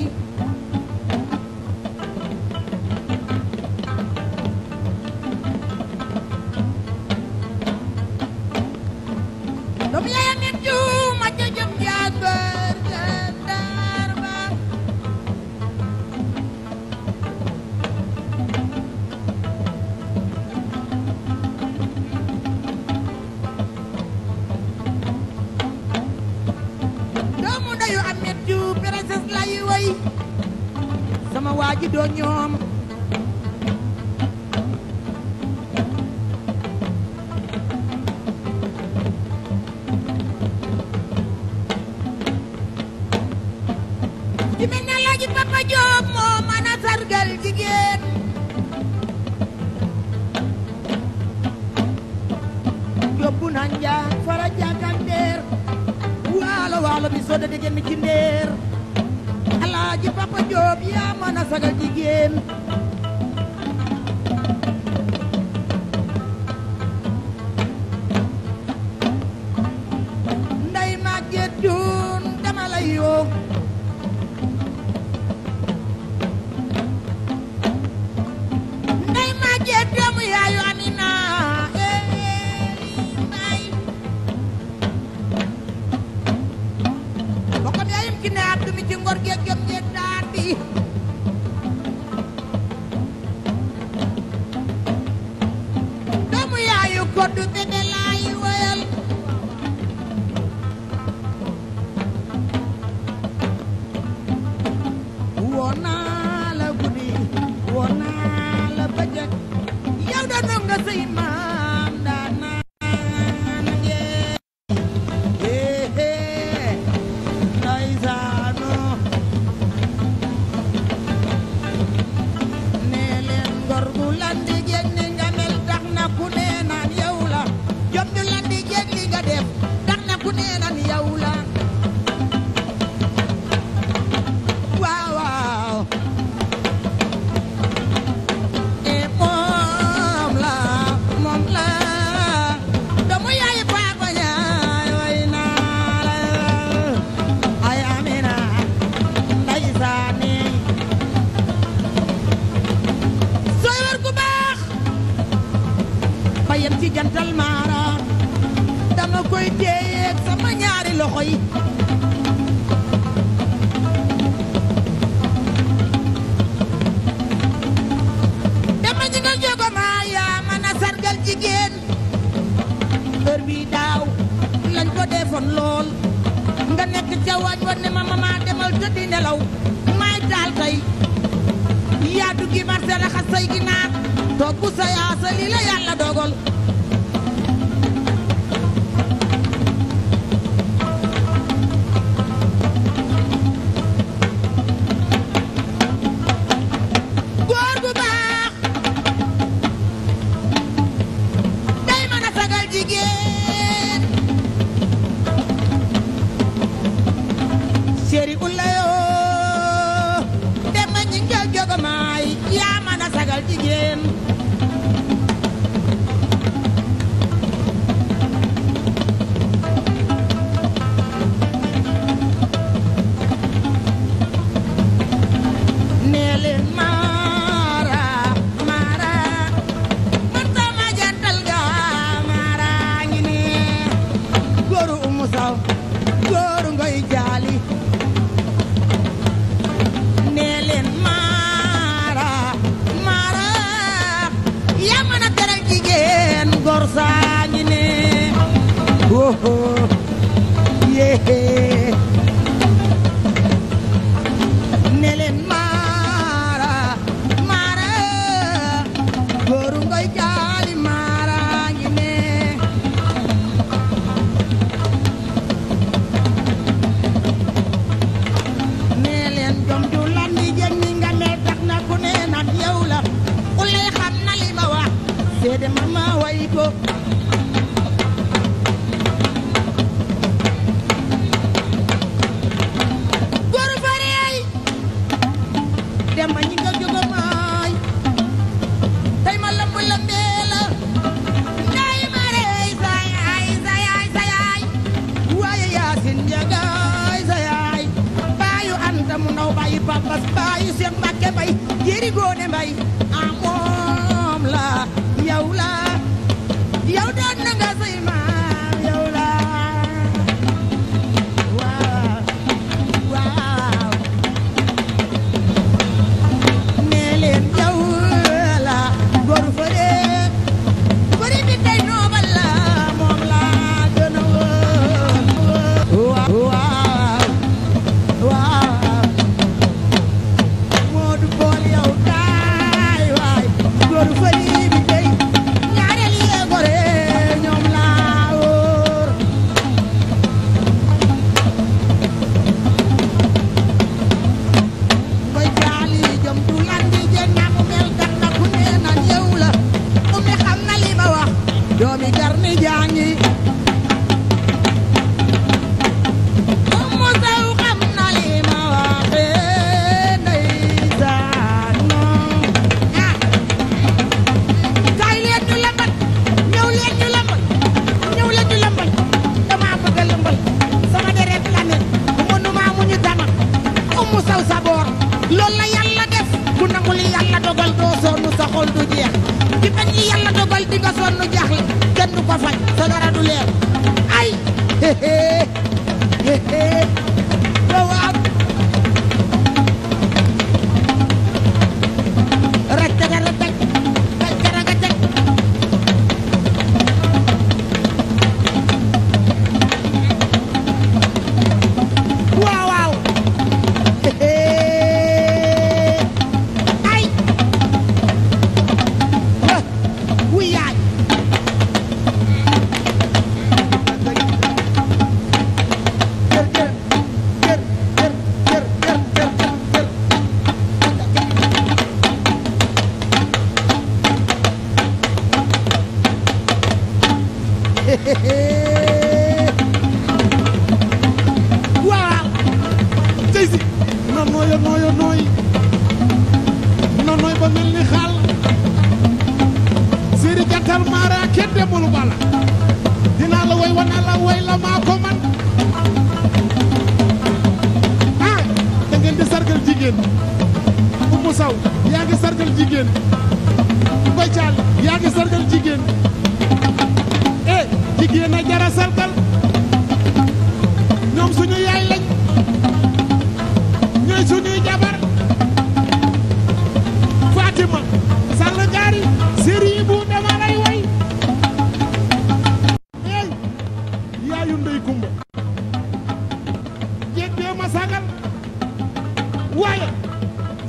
waaye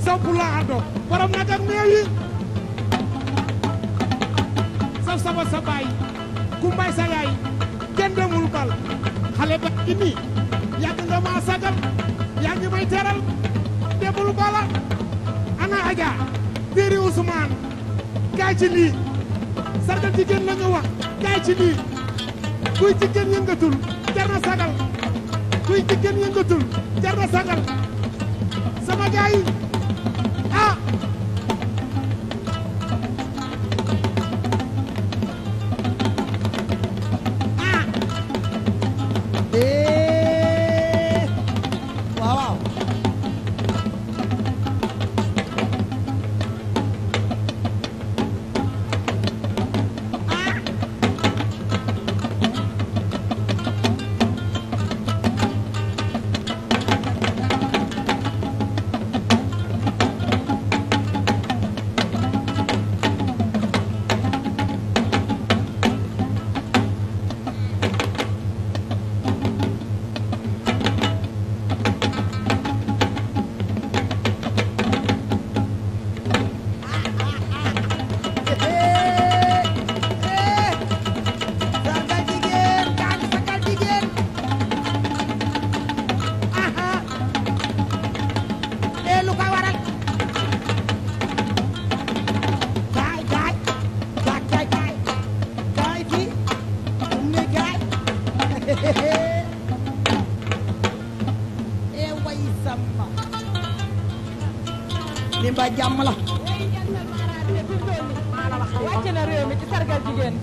sampu laa àndoo borom nag ak meew yi saf sama sa baay ku demul bal xale ba gi nii yàgg nga maa yaa ngi teral demul bala ana aja déeri Ousmane kaay ci lii sargal jigéen la nga ci lii kuy jigéen yëngatul jar na sagal kuy jigéen yëngatul jar na sagal Ndiaye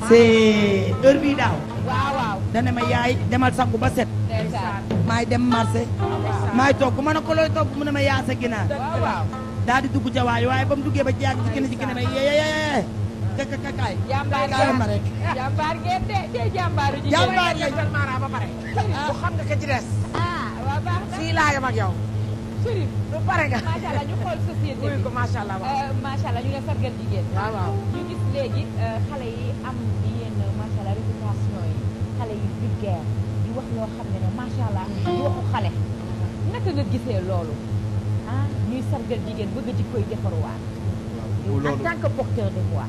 c'est heure bii daaw. waaw waaw dana ma yaay demal sangu ba set. maay dem marché. maay toog ku ma ne ko looy toog mu ne ma yaa sa ginaar. waaw daal di dugg jawaay waaye ba mu duggee ba jaag ci keneen ci keneen ma yeeyeyeye. kakakaay. jàmbaar ma rek. jàmbaar ngeen de tey jàmbaar ji. jàmbaar lañ ba pare. bu xam nga ka ci des. ah waaw baax na fii laa yem ak yow. Chérif lu pare nga. macha allah ñu xool société bi. macha allah waaw eh, macha allah ñu ne sargal jigéen. waaw waaw ñu gis léegi eh, xale yi vulgaire di wax loo xam ne ne macha allah di waxu xale naka nga gisee loolu ah ñuy sargal jigéen bëgg di koy defarwaat en tant porteur de voix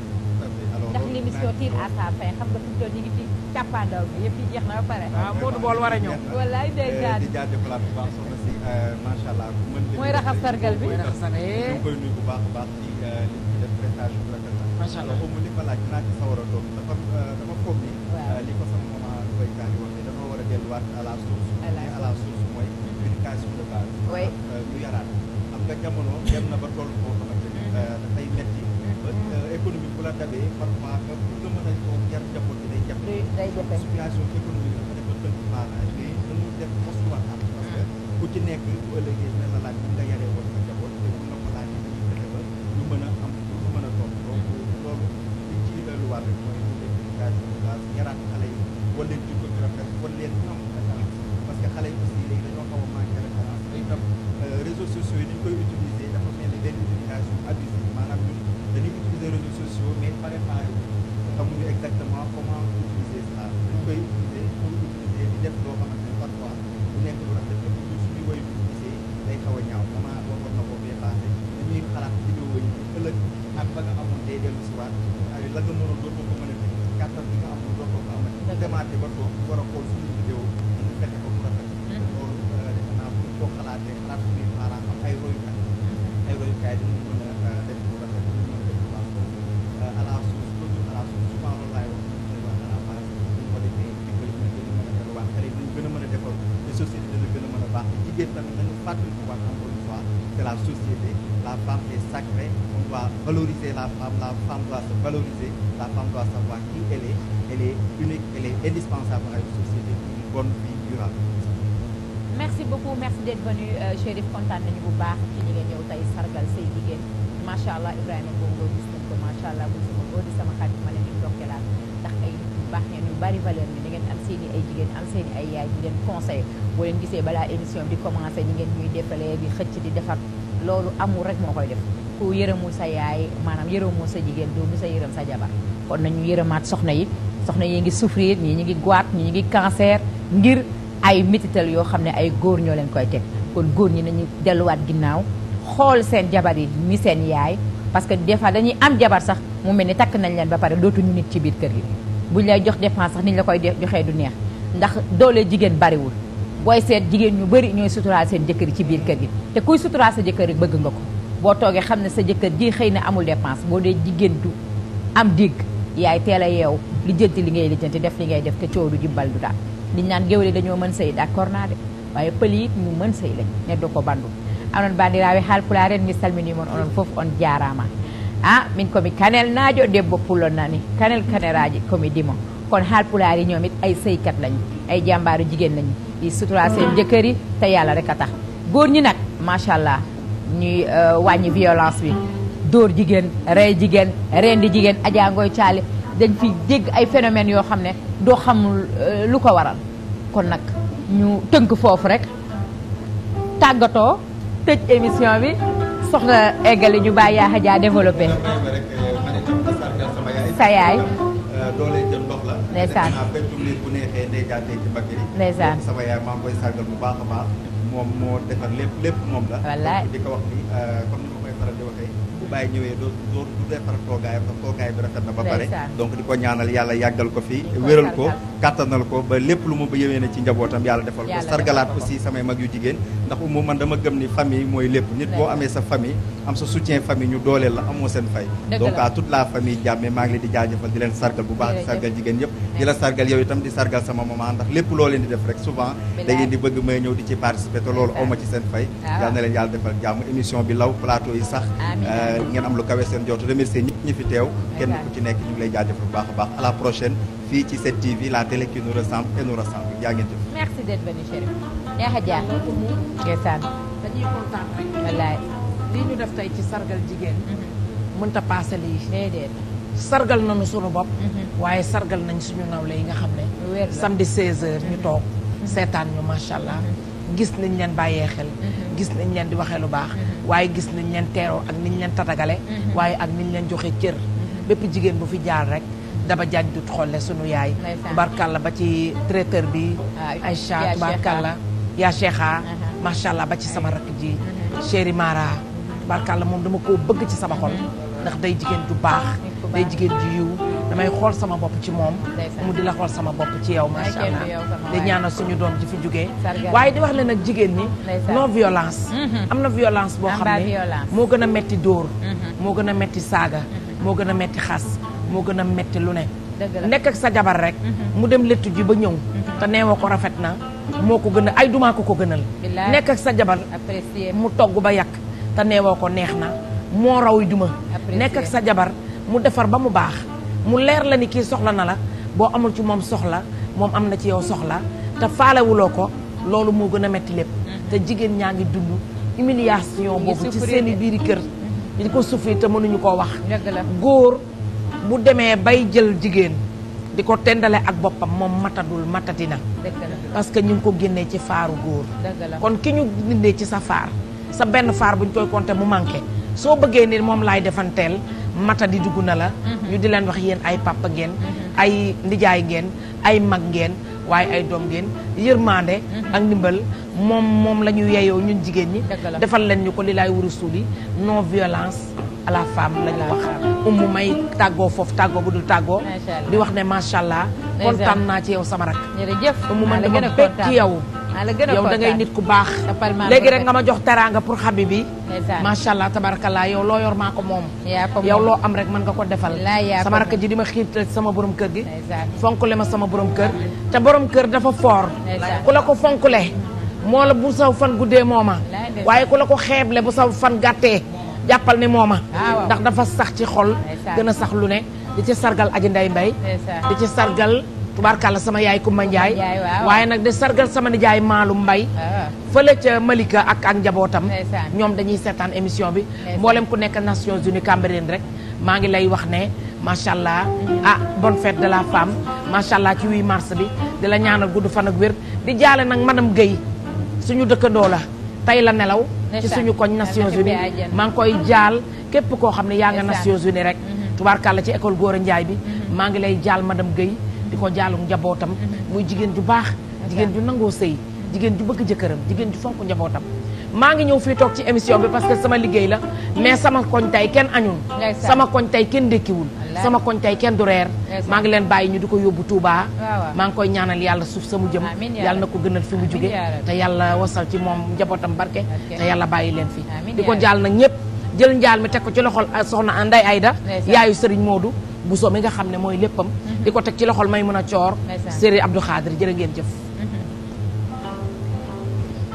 ndax l'émission tire à sa fin xam nga fi mu toll ñu ngi ci càppaandaw bi yëpp yi jeex na ba pare. waaw ah, ah, Modou Bool war a ñëw. Eh, wallaay day daal di jaajëfalaat bu baax soxna si eh, mooy raxas sargal bi mooy raxas sargal bi. ñu ngi koy a baax ci eh, li ci a doon dafa dafa foog ni. li baykat yi wax ne dafa war a delluwaat à la source. à la source mooy éducation de base. oui ñu euh, yaraat am nga jamono dem na ba toll boo xamante ni mm. euh, dafay metti ba mm. euh, économie bu la dabee parfois nga pour nga mën a toog yar njaboot bi day jafe. day jafe situation économique dafa nekk tënk maanaam mais dañuy def postuwaat parce que mm. ku ci nekk bu ëllëgee dina la laaj nga yaree kontaan nañu bu baax ci ñi ngeen ñëw tey sargal say jigéen macha allah Ibrahima boobu gis nañ ko macha allah bu sama góor di sama xarit ma leen di ndokkeelaat ndax ay baax ngeen bari valeur bi da am seen i ay jigéen am seen ay yaay di leen conseil boo leen gisee balaa émission bi commencé ñi ngeen ñuy defalee di xëcc di defar loolu amul rek moo koy def ku yërëmul sa yaay maanaam yërëmul sa jigéen doo sa yërëm sa jabar kon nañu yërëmaat soxna yi soxna yi ngi souffrir ñii ñu ngi goiat ñii ñu ngi ngir ay métital yoo xam ne ay góor ñoo leen koy teg kon góor ñi nañu delluwaat ginnaaw xool seen jabar yi ni seen yaay parce que des dañuy am jabar sax mu mel ni takk nañ leen ba pare dootuñu nit ci biir kër gi bu ñu lay jox dépense sax niñ la koy joxee du neex ndax doole jigéen bariwul booy seet jigéen ñu bari ñooy suturaal seen jëkkër ci biir kër gi te kuy suturaal sa jëkkër bëgg nga ko boo toogee xam ne sa jëkkër ji xëy na amul dépense boo dee jigéen du am digg yaay teel a yeew lijjanti li ngay lijjanti def li ngay def te coow du jimbal du daal liñ naan géwél dañoo mën sëy d'accord naa de waaye pël yi it mu mën sey lañ neɗɗo ko bandum anon bandiraɓe haalpulaar en mi salminimon onon fof on jarama a min komi kanel naajo debbo pullon ni kanel kaneraji komi dimo kono haalpulaar yi ñoom it ay seykat lañu ay jàmbaaru jigéen lañu di sutura jëkkër yi te yàlla rek a tax góor ñi nag machallah ñuy euh, wàññi violence bi dóor jigéen rey jigéen rendi jigéen ajaangooy caali dañ fi dégg ay phénomènes yoo xam ne doo xamul euh, lu ko waral kon nag ñu tënk foofu rek tàggatoo tëj émission bi soxna eggali ñu bàyyi yaa xajaa développé eh, sa yaay eh, doole jëm ndox la. ndeysaan naa bépp nit bu neexee ndey jaatee ci sama yaay maa koy sargal bu baax a baax. moom moo defar lépp lépp moom la. wallaay di ko wax ni eh, comme ni ma koy faral di waxee. bu bàyyi ñëwee doo doo du defar toogaayam sax toogaay bi rafet na ba pare. donc di ko ñaanal yàlla yàggal ko fi wéral ko. kàttanal ko ba lépp lu mu ba yéwee ne ci njabootam yàlla defal ko sargalaat aussi samay mag yu jigéen ndax umu man dama gëm ni famille mooy lépp nit boo amee sa famille am sa soutien famille ñu dooleel la amoo seen fay donc à toute la famille jàmme maa ngi leen di jaajëfal di leen sargal bu baax di sargal jigéen yëpp di la sargal yow itam di sargal sama maman ndax lépp loo leen di def rek souvent da di bëgg may ñëw di ci participer te loolu awma ci seen fay ah. yal émission bi law plateau yi sax euh, ngeen am lu kawe seen fi teew kenn ku ci nekk ñu ngi lay jaajëfal bu baax baax à la fii ci 7TV la télé qui nous ressemble et nous ressemble jaa ngeen jëf. merci ñu def tey ci sargal jigéen. Mm-hmm. mënut a paase lii. déedéet. sargal nañu suñu bopp. Mm-hmm. waaye sargal nañ suñu nawle yi nga xam ne. samedi 16h ñu toog. Mm-hmm. seetaan ñu macha allah. gis nañ leen bàyyee xel. gis nañ leen di waxee lu baax. waaye gis nañ leen teeroo ak niñ leen tatagale. waaye ak niñ leen joxe cër. bépp jigéen bu fi jaar rek. daba jaaj du xolle sunu yaay tubaarkàlla ba ci traiteur bi ay ah, Aïcha tubaarkàlla yaa Cheikha macha uh-huh. allah ba ci sama rakk ji uh-huh. chéri Mara la moom dama koo bëgg ci sama xol uh-huh. ndax day jigéen ju ah, baax day jigéen ju yiw damay xool sama bopp ci moom mu di la xool sama bopp ci yow macha allah di ñaanal suñu doom ji fi jugee waaye di wax ne nag jigéen ñi non violence mm-hmm. am na violence boo xam ne moo gën a metti dóor mm-hmm. moo gën a metti saaga mm-hmm. moo gën a metti xas moo gën a metti lu ne nekk ak sa jabar rek mhm. mu dem léttu ji ba ñëw te neewoo ko rafet na moo ko gën a ay dumaa ko ko gënal nekk ak sa jabar mu togg ba yàq te neewoo ko neex na moo raw duma nekk ak sa jabar mu defar ba mu baax mu leer la ni kii soxla na la boo amul ci moom soxla moom am na ci yow soxla te faalewuloo ko loolu moo gën a metti lépp mhm. te jigéen ñaa ngi dund humiliation boobu ci seeni biiri kër mhm. di ko souffrir te mënuñu koo wax góor bu demee bay jël jigéen di ko tendale ak boppam moom matadul matadina parce que ñu ngi ko génnee ci faaru góor kon ki ñu dindee ci sa faar sa benn faar bu ñu koy compter mu manqué soo bëggee ni moom laay defanteel matadi dugg na la mhm. ñu di leen wax yéen ay papa ngeen mhm. ay ndijaay ngeen ay mag ngeen waaye ay doom ngeen yërmande mhm. ak ndimbal moom moom la ñu yeyoo ñun jigéen ñi defal leen ñu ko li laay wuru suuli non violence à la femme la ñu wax umu may tàggoo foofu tàggoo bu dul tàggoo di wax ne macha allah kontaan naa ci yow sama rak umu man dama bég ci yow yow da ngay nit ku baax léegi rek nga ma jox teraanga pour xabi bi macha allah tabarakallah yow loo yor maa ko moom yow loo am rek mën nga ko defal sama rak ji di ma xiirtal sama borom kër gi fonkule ma sama borom kër te borom kër dafa foor ku la ko fonkule moo la bu saw fan guddee mooma waaye ku la ko xeeble bu saw fan jàppal ne mooma ah, ndax dafa sax ci xol gën a sax lu ne di ci sargal aji nday mbay di ci sargal tubaarkàlla sama yaay Kumba Njaay waaye nag di sargal sama nijaay Maalum Mbay ah, fële ca Malika ak ak njabootam ñoom dañuy seetaan émission bi mboolem ku nekk Nations Unies Cambérène rek maa ngi lay wax ne macha allah ah bon fête de la femme macha allah ci 8 mars bi di la ñaanal gudd fan ak wér di jaale nag madame Guèye suñu dëkkandoo la tey la nelaw ci suñu koñ Nations Unies maa ngi koy jaal képp koo xam ne yaa nga Nations Unies rek mm-hmm. tubaarkàlla ci école Gora njaay bi mm-hmm. maa ngi lay jaal dam Guèye di ko jaalu njabootam mm-hmm. muy jigéen ju baax jigéen ju nangoo sëy jigéen ju bëgg jëkkëram jigéen ju fonk njabootam maa ngi ñëw fii toog ci émission bi parce que sama liggéey la mais sama koñ tay kenn añul sama koñ tay kenn dékkiwul sama koñ tay kenn du reer maa ngi leen bàyyi ñu di ko yóbbu Touba maa ngi koy ñaanal yàlla suuf sa mu jëm yàlla na ko gënal fi mu jóge te yàlla wasal ci moom njabootam barke te yàlla bàyyi leen fi di ko jaal nag ñëpp jël njaal mi teg ko ci loxol ah, soxna Nday Ayda yaayu Serigne bu Bousso mi nga xam ne mooy léppam mhm. di ko teg ci loxol may mën a coor Serigne Abdou Khadir jërë ngeen jëf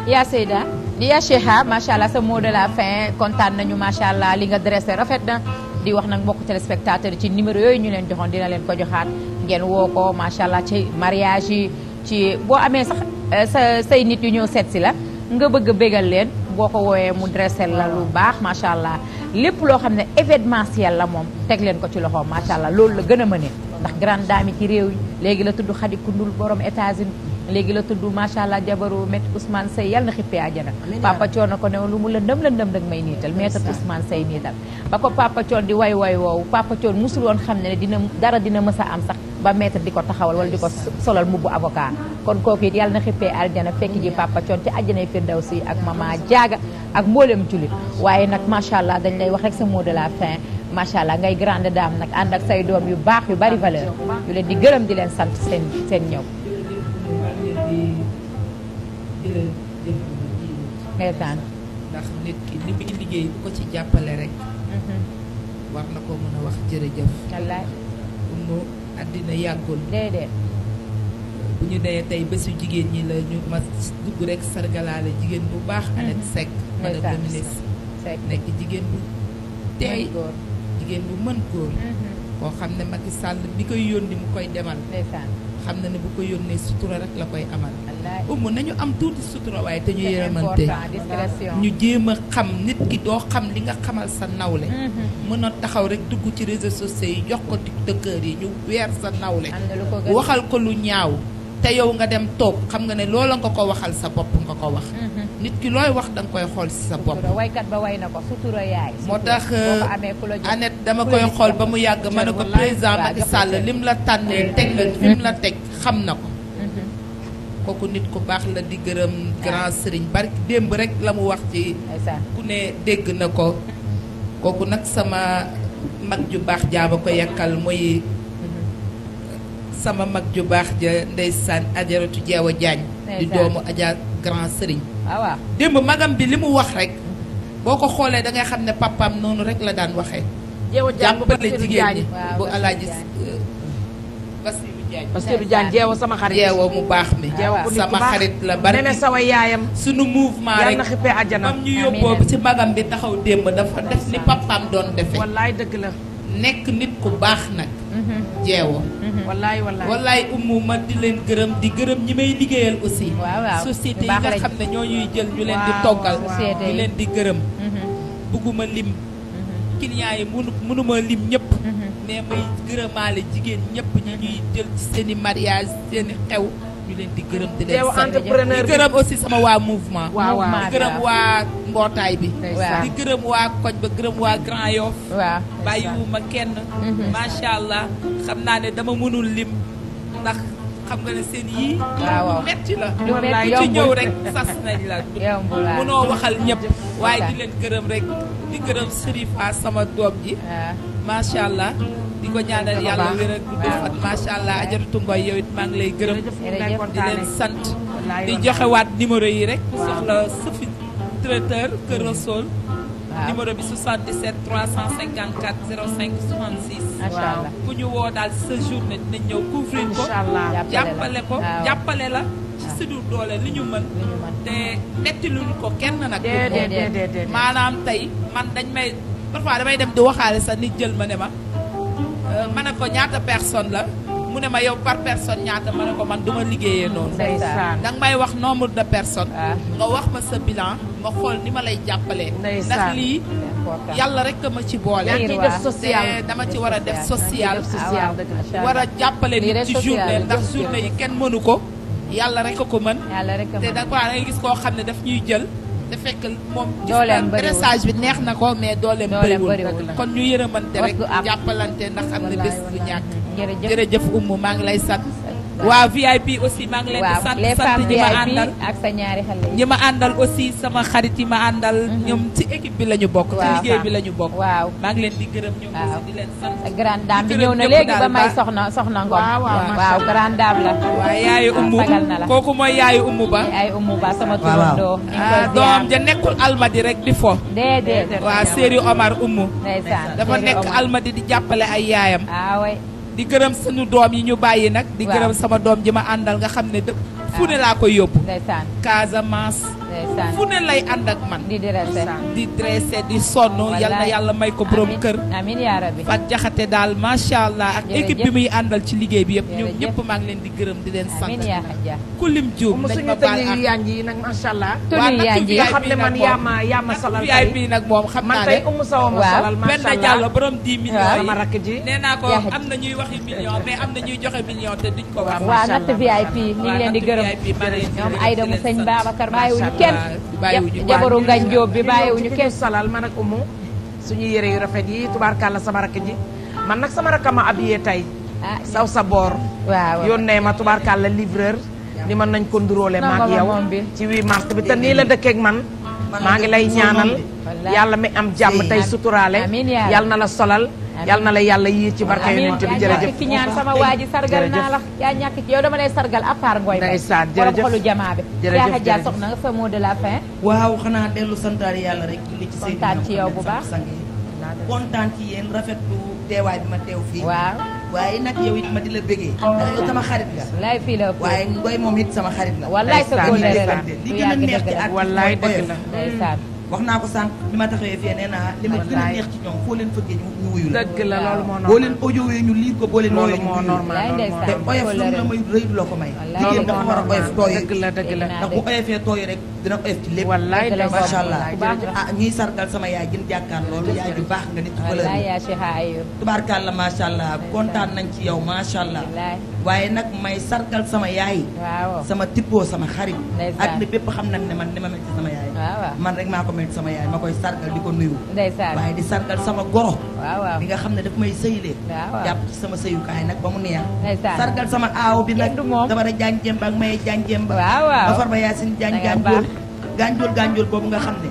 yaa Seyda yaa Cheikha macha allah sa mot de la fin kontaan nañu macha allah li nga dressé rafet na di wax nag mbokk yi ci numéro yooyu ñu leen joxoon dina leen ko joxaat ngeen woo ko macha allah ci mariage yi ci boo amee sax eh, sa say nit yu ñëw seet si la nga bëgg a bégal leen boo ko woowee mu dressé la lu baax macha allah lépp loo xam ne événementiel la moom teg leen ko ci loxoom macha allah loolu la gën a mëne ndax grande dame ci réew yi léegi la tudd Khady borom États-Unis léegi la tudd macha allah jabaru maître Ousmane Seye yàlla na xippee àjjana papa coon na ko ne lu mu lëndëm lëndëm nag may niital maître Ousmane Seye niital ba ko papa coon di woy woy woowu papa coon musul woon xam ne dina dara dina mës a am sax ba maître di ko taxawal wala di ko solal mubbu avocat kon kook it yàlla na xippee àjjana fekk ji papa coon ci àjjanay Firdawsi ak mama jaaga ak mboolem julit waaye nag macha allah dañ lay wax rek sa mot de la fin macha allah ngay grande dame nag ànd ak say doom yu baax yu bari valeur yu leen di gërëm di leen sant seen seen ñëw reetaan ndax nit ki li muy liggéey bu ko ci jàppale rek mhm. war na ko mën wax jërëjëf wallaay mu àddina yàggul déedéet bu ñu nee tey bésu jigéen ñi la ñu ma dugg rek sargalaale jigéen bu baax mhm. Annette Seck madame la ministre nekk jigéen bu teey jigéen bu mën góor mhm. koo xam ne Macky Sall bi koy yónni mu koy demal xam na ne bu ko yónnee sutura rek la koy amal umm nañu am tuuti sutura waaye te ñu yërëmante ñu jéem a xam nit ki doo xam li nga xamal sa nawle mm-hmm. mën a taxaw rek dugg ci réseaux sociaux yi jox ko tiktokeur yi ñu weer sa nawle waxal ko lu ñaaw te yow nga dem toog xam nga ne loola nga ko waxal sa bopp nga ko wax mm-hmm. nit ki looy wax da koy xool si sa bopp. waykat ba way na ko sutura yaay. moo tax euh, Annette dama koy xool ba mu yàgg ma ne ko président Macky Sall lim la tànnee teg la fi la teg xam na ko. Mm-hmm. kooku nit ku baax la di gërëm grand sëriñ bari démb rek la mu wax ci ku ne dégg na ko kooku nag sama mag ju baax jaaba ko yakkal muy sama mag ju baax ja ndeysaan ajaratu jeew a jaañ di doomu aja grand sëriñ ah, démb magam bi li mu wax rek boo ko xoolee da ngay xam ne papaam noonu rek la daan waxee jàppale jigéen ñi bu alaaji euh, Basiru Jaañ Basiru Jaañ jeewa sama xarit jeewa mu baax mi sama xarit la bari nene yaayam sunu mouvement rek na xippee àjjana am ñu yóbboo ci magam bi taxaw démb dafa def ni papaam doon defee dëgg la nekk nit ku baax nag mhm. jeewa Mhm. wallaay wallaay wallaay ummu ma di leen gërëm di gërëm ñi may liggéeyal aussi. waaw société yi nga xam ne ñoo ñuy jël ñu leen di toggal. di leen di gërëm. Mhm. bëgguma lim. Mhm. clients yi mënu mënuma lim ñëpp. mais may gërëmaale jigéen ñëpp ñi ñuy jël ci seen i mariage i xew. ñu leen di gërëm di leen sant di gërëm aussi sama waa mouvement di gërëm waa mbootaay bi di gërëm waa koñ ba gërëm waa Grand Yoff bàyyiwuma kenn mhm. macha allah xam naa ne dama mënul lim ndax xam nga ne seen yii. Ah, waaw metti la. lu metti ci ñëw rek sas nañ la. yombul waxal ñëpp. waaye di leen gërëm rek di gërëm Serifa sama doom ji. Ah. macha allah. di ko ñaanal yàlla wér ak gudd fan macha allah ajaratu ngoy yow maa ngi lay gërëm. di leen sant. di joxewaat numéro yi rek. soxla sëfi traiteur Kër Rassoul numéro bi 77 354 05 66. macha allah ku ñu woo daal sa journée dinañ ñëw couvrir ko. jàppale ko jàppale la. ci suñu doole li ñu mën. te bettiluñu ko kenn nag. maanaam tey man dañ may parfois damay dem di waxaale sa nit jël ma ne ma. Euh, ma ne ko ñaata personne la. mu ne ma yow par personne ñaata ma ne ko man duma liggéeyee noonu. danga may wax nombre de personne ah. nga wax ma sa bilan. ma xool ni ma lay jàppalee ndax lii yàlla rek ma ci boole eh, dama ci war a def social ah, war a jàppale nit ci journée ndax journée yi kenn mënu ko yàlla rek ko mën te da ko da ngay gis koo xam ne daf ñuy jël te fekk moom dressage bi neex na ko mais dooleem bëriwul kon ñu yërëmante rek jàppalante ndax am na bés bu ñàkk jëf umu maa ngi lay sant waaw VIP aussi maa leen di sant sant ñi ma àndal ak sa ñaari ma àndal aussi sama xarit yi ma àndal mhm. ñoom ci équipe bi la ñu bokk ci liggéey bi la bokk waaw maa leen di gërëm ñoom aussi di leen sant grande dame bi ñëw na léegi ba may soxna soxna Ngom waaw grande dame la waaw yaayu ummu kooku mooy yaayu ummu ba sama turandoo ah, doom ja nekkul almadi rek di fo déedéet waaw Omar ummu dafa nekk almadi di jàppale ay yaayam ah, di gërëm sunu doom yi ñu bàyyi nag di gërëm sama doom ji ma àndal nga xam ne dëpp fu ne laa koy yóbbu. Casamance. fu ne lay ànd ak man. di dressé di dressé di sonn yal na yàlla may ko borom kër. amiin yaa rabbi Fat Jaxate daal macha allah ak équipe bi muy àndal ci liggéey bi yëpp. ñoom ñëpp maa ngi leen di gërëm di leen sant. amiin yaa rabbi ku lim juum nañ ma baal ànd. yaa ngi nag macha allah. tënnu yaa ngi xam ne man yaa ma yaa ma nag moom xam naa ne man tey ma salal macha allah benn jàll borom 10 millions yi. nee naa ko am na ñuy waxi million mais ñuy joxe million te duñ ko wax. waaw natt VIP ñu leen di gërëm ñoom Aïda mu sëñ Babacar bàyyiwuñu kenn jabaru ngañ jóob bi bàyyiwuñu kenn salal man ak umu suñu yére yu rafet yi tubaarkàlla sama rakk ji man nag sama rakk ma abiyee tey ah, saw sa boor waaw yónnee ma tubaarkàlla livreur ni mën nañ ko nduróole maak yow ci 8 mars bi te nii la dëkkeek man maa ngi lay ñaanal yàlla mi am jàmm tey suturaale yàlla na la solal yàlla na la yàlla yiir ci barke yonent bi jërëjëf ki ñaan sama waa ji sargal naa la yaa ñàkk ci yow dama lay sargal à part ngoy ndeysaan jërëjëf borom jamaa bi yaa xajaa soxna sa mot de la fin waaw xanaa dellu santaar yàlla rek li ci kontaan ci yow bu baax kontaan ci yéen teewaay bi ma teew fii waaw waaye nag yow it ma di la bëggee oh. ndax sama xarit nga wallaay fii la waaye ngoy moom it sama xarit la wallaay sa góor la di gën a neex ci ak wallaay dëgg la wax naa ko sànq li ma taxawee fii nee naa li a neex ci ñoom foo leen fëggee ñu wuyu la. dëgg la loolu moo normal boo leen audiowee ñu liir ko boo leen woowee ñu wuyu la te oyof lu la may rëy du la ko may jigéen a oyof tooy la dëgg la ndax bu oyof ci lépp wallaay allah ah ñuy sargal sama yaay gën jàkkaar loolu yaay ju baax nga nit valeur tubaarkàlla macha allah kontaan nañ ci yow macha allah waaye nag may sargal sama yaay sama tippoo sama xarit ak ne bépp xam nañ ne man ni sama yaay ma koy sargal di ko nuyu waaye di sargal sama goro bi nga xam ne daf may sëylee jàpp ci sama sëyukaay nag ba mu neex sargal sama aaw bi nag dama da jaan jemba ak maye jaan jemba ba far ba yaasin jaan boobu nga xam ne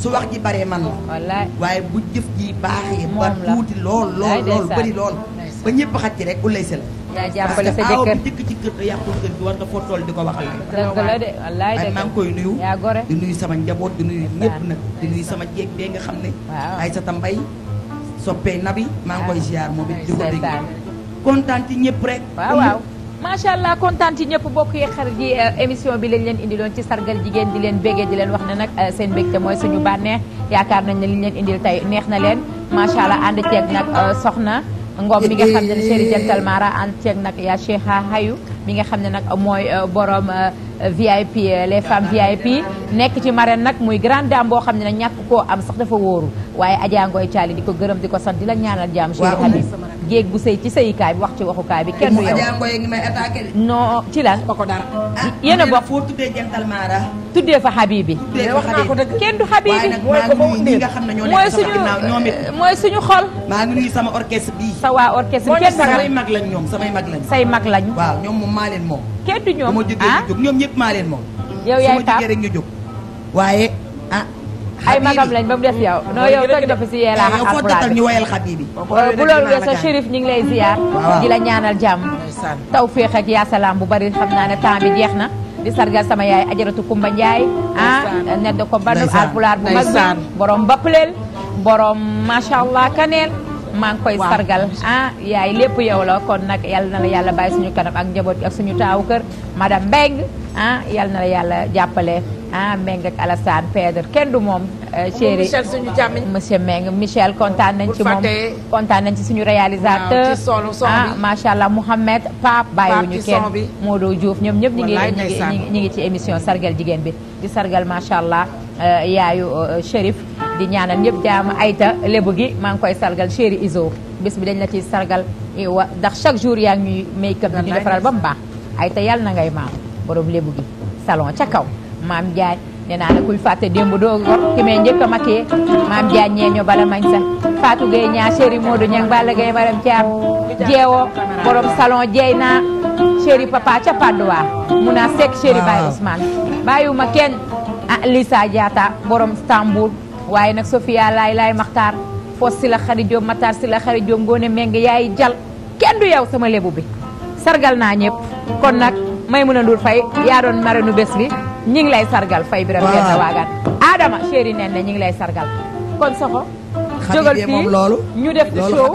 su wax ji baree man la waaye bu jëf ji baaxee ba tuuti lool lool lool bëri lool ba ñëpp xaj ci rek ulay sel daa jàppale sa jëkkër parce que dëkk ci kër te yàqul di ko waxal. dëgg maa ngi koy nuyu. yaa gore di nuyu sama njaboot di nuyu ñëpp nag. di nuyu sama jéeg bee nga xam ne. waaw Aysata Mbay soppee nabi maa ngi koy ziar moom it di ko dégg. kontaan ci ñëpp rek. waaw waaw. macha allah kontaan ci ñëpp bokk yi xarit yi euh, émission bi lañ leen indiloon ci sargal jigéen di leen béggee di leen wax ne nag euh, seen mbégte mooy suñu bànneex yaakaar nañ ne liñ leen indil tey neex na leen macha allah ànd ceeg nag euh, soxna Ngom mi nga xam ne chéri gentleman ànd ceeg nag yaa Cheikha Hayu mi nga xam ne nag mooy euh, borom euh, VIP euh, les femmes VIP nekk ci marraine nag muy grande dame boo xam ne nag ñàkk koo am sax dafa wóoru waaye Adja Ngoy Thiali di ko gërëm di ko sant di la ñaanal jàmm chéri Habib géeg bu sëy ci sëyikaay bi wax ci waxukaay bi kenn du yow Adja Ngoy ngi may attaqué non ci lan ko dara ah, ah, yéen a bokk foo tuddee jental maara tuddee fa Habib bi kenn du Habib bi mooy suñu mooy suñu xol maa ngi nuyu sama orchestre bi sa waa orchestre kenn samay mag lañ ñoom samay mag lañ say mag lañ waaw ñoom moom maa leen moom kenn du ñoom ma jógee ah? ñoom ñëpp maa leen moom yow yaay paap su ñu jóg ay magam lañ ba mu des yow. noo yow toj na si yéen laax ak ñu bu ngi lay di la ñaanal jàmm. tawféex ak yaasalaam bu bari xam naa ne temps bi jeex na. di sargal sama yaay ajaratu Kumba Ndiaye. ah net ko bandu alpulaar bu mag bi borom bappaleel borom macha allah kaneel. maa ngi koy sargal ah yaay lépp yow la kon nag yal na la yàlla bàyyi suñu kanam ak njaboot ak suñu taawu kër madame Mbengue ah yal na la yàlla jàppale. ah Mbengue ak Alassane Pedre kenn du moom. Euh, chéri Michel suñu jàmmiñ monsieur Mbengue Michel kontaan nañ ci kontaan nañ ci suñu réalisateur. ah macha allah Mouhamed Pape bàyyiwuñu kenn Modou Diouf ñoom ñëpp ñu ngi ñu ngi ci émission sargal jigéen bi di sargal macha allah euh, yaayu euh, Chérif di ñaanal ñëpp jaam ayta lébu gi maa ngi koy sargal chéri Iso bis bi dañ la ci sargal wa ndax chaque jour yaa ngi ñuy make up ñu defaral ba mu baax ayta yàlla na ngay maam borom lébu gi salon ca kaw maam Diagne nee naa la kuy fàtte démb doog ko ki a makkee maam ñee ñoo bala mañ sax Fatou ñaa chéri Modou Niang Balla Gueye Maram jeewoo borom salon jeey naa chéri papa ca Padoa mun a sekk chéri ah. Baye Ousmane bàyyiwuma kenn ah Lisa Diatta borom Stamboul waaye nag Sofia laay laay Maxtaar Fos si la xarit Diop Matar si la xarit Diop Ngone Meng yaay jal kenn du yow sama lébu bi sargal naa ñëpp kon nag may mën a ndur fay yaa doon marenu bés bi ñi ngi lay sargal fay biram kenn waagaan Adama chéri nen ne ñi ngi lay sargal kon soxo jógal fii loolu ñu def di show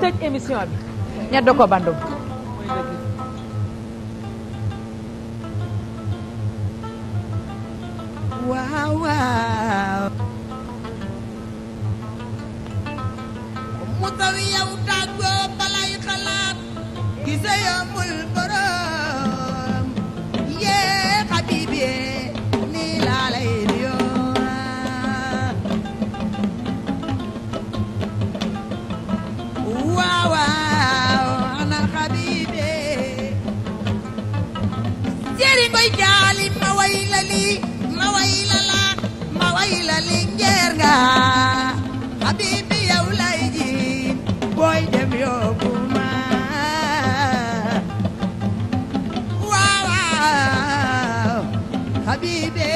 tëj émission bi ñeddo ko bandum waaw waaw mu taw yow tàggoo balay xalaat gisa yombul borom jaali ma way la lii ma way la laa ma way la lii ngeer nga habibi yow lay jiin booy dem yóbbu ma waaw waaw habibi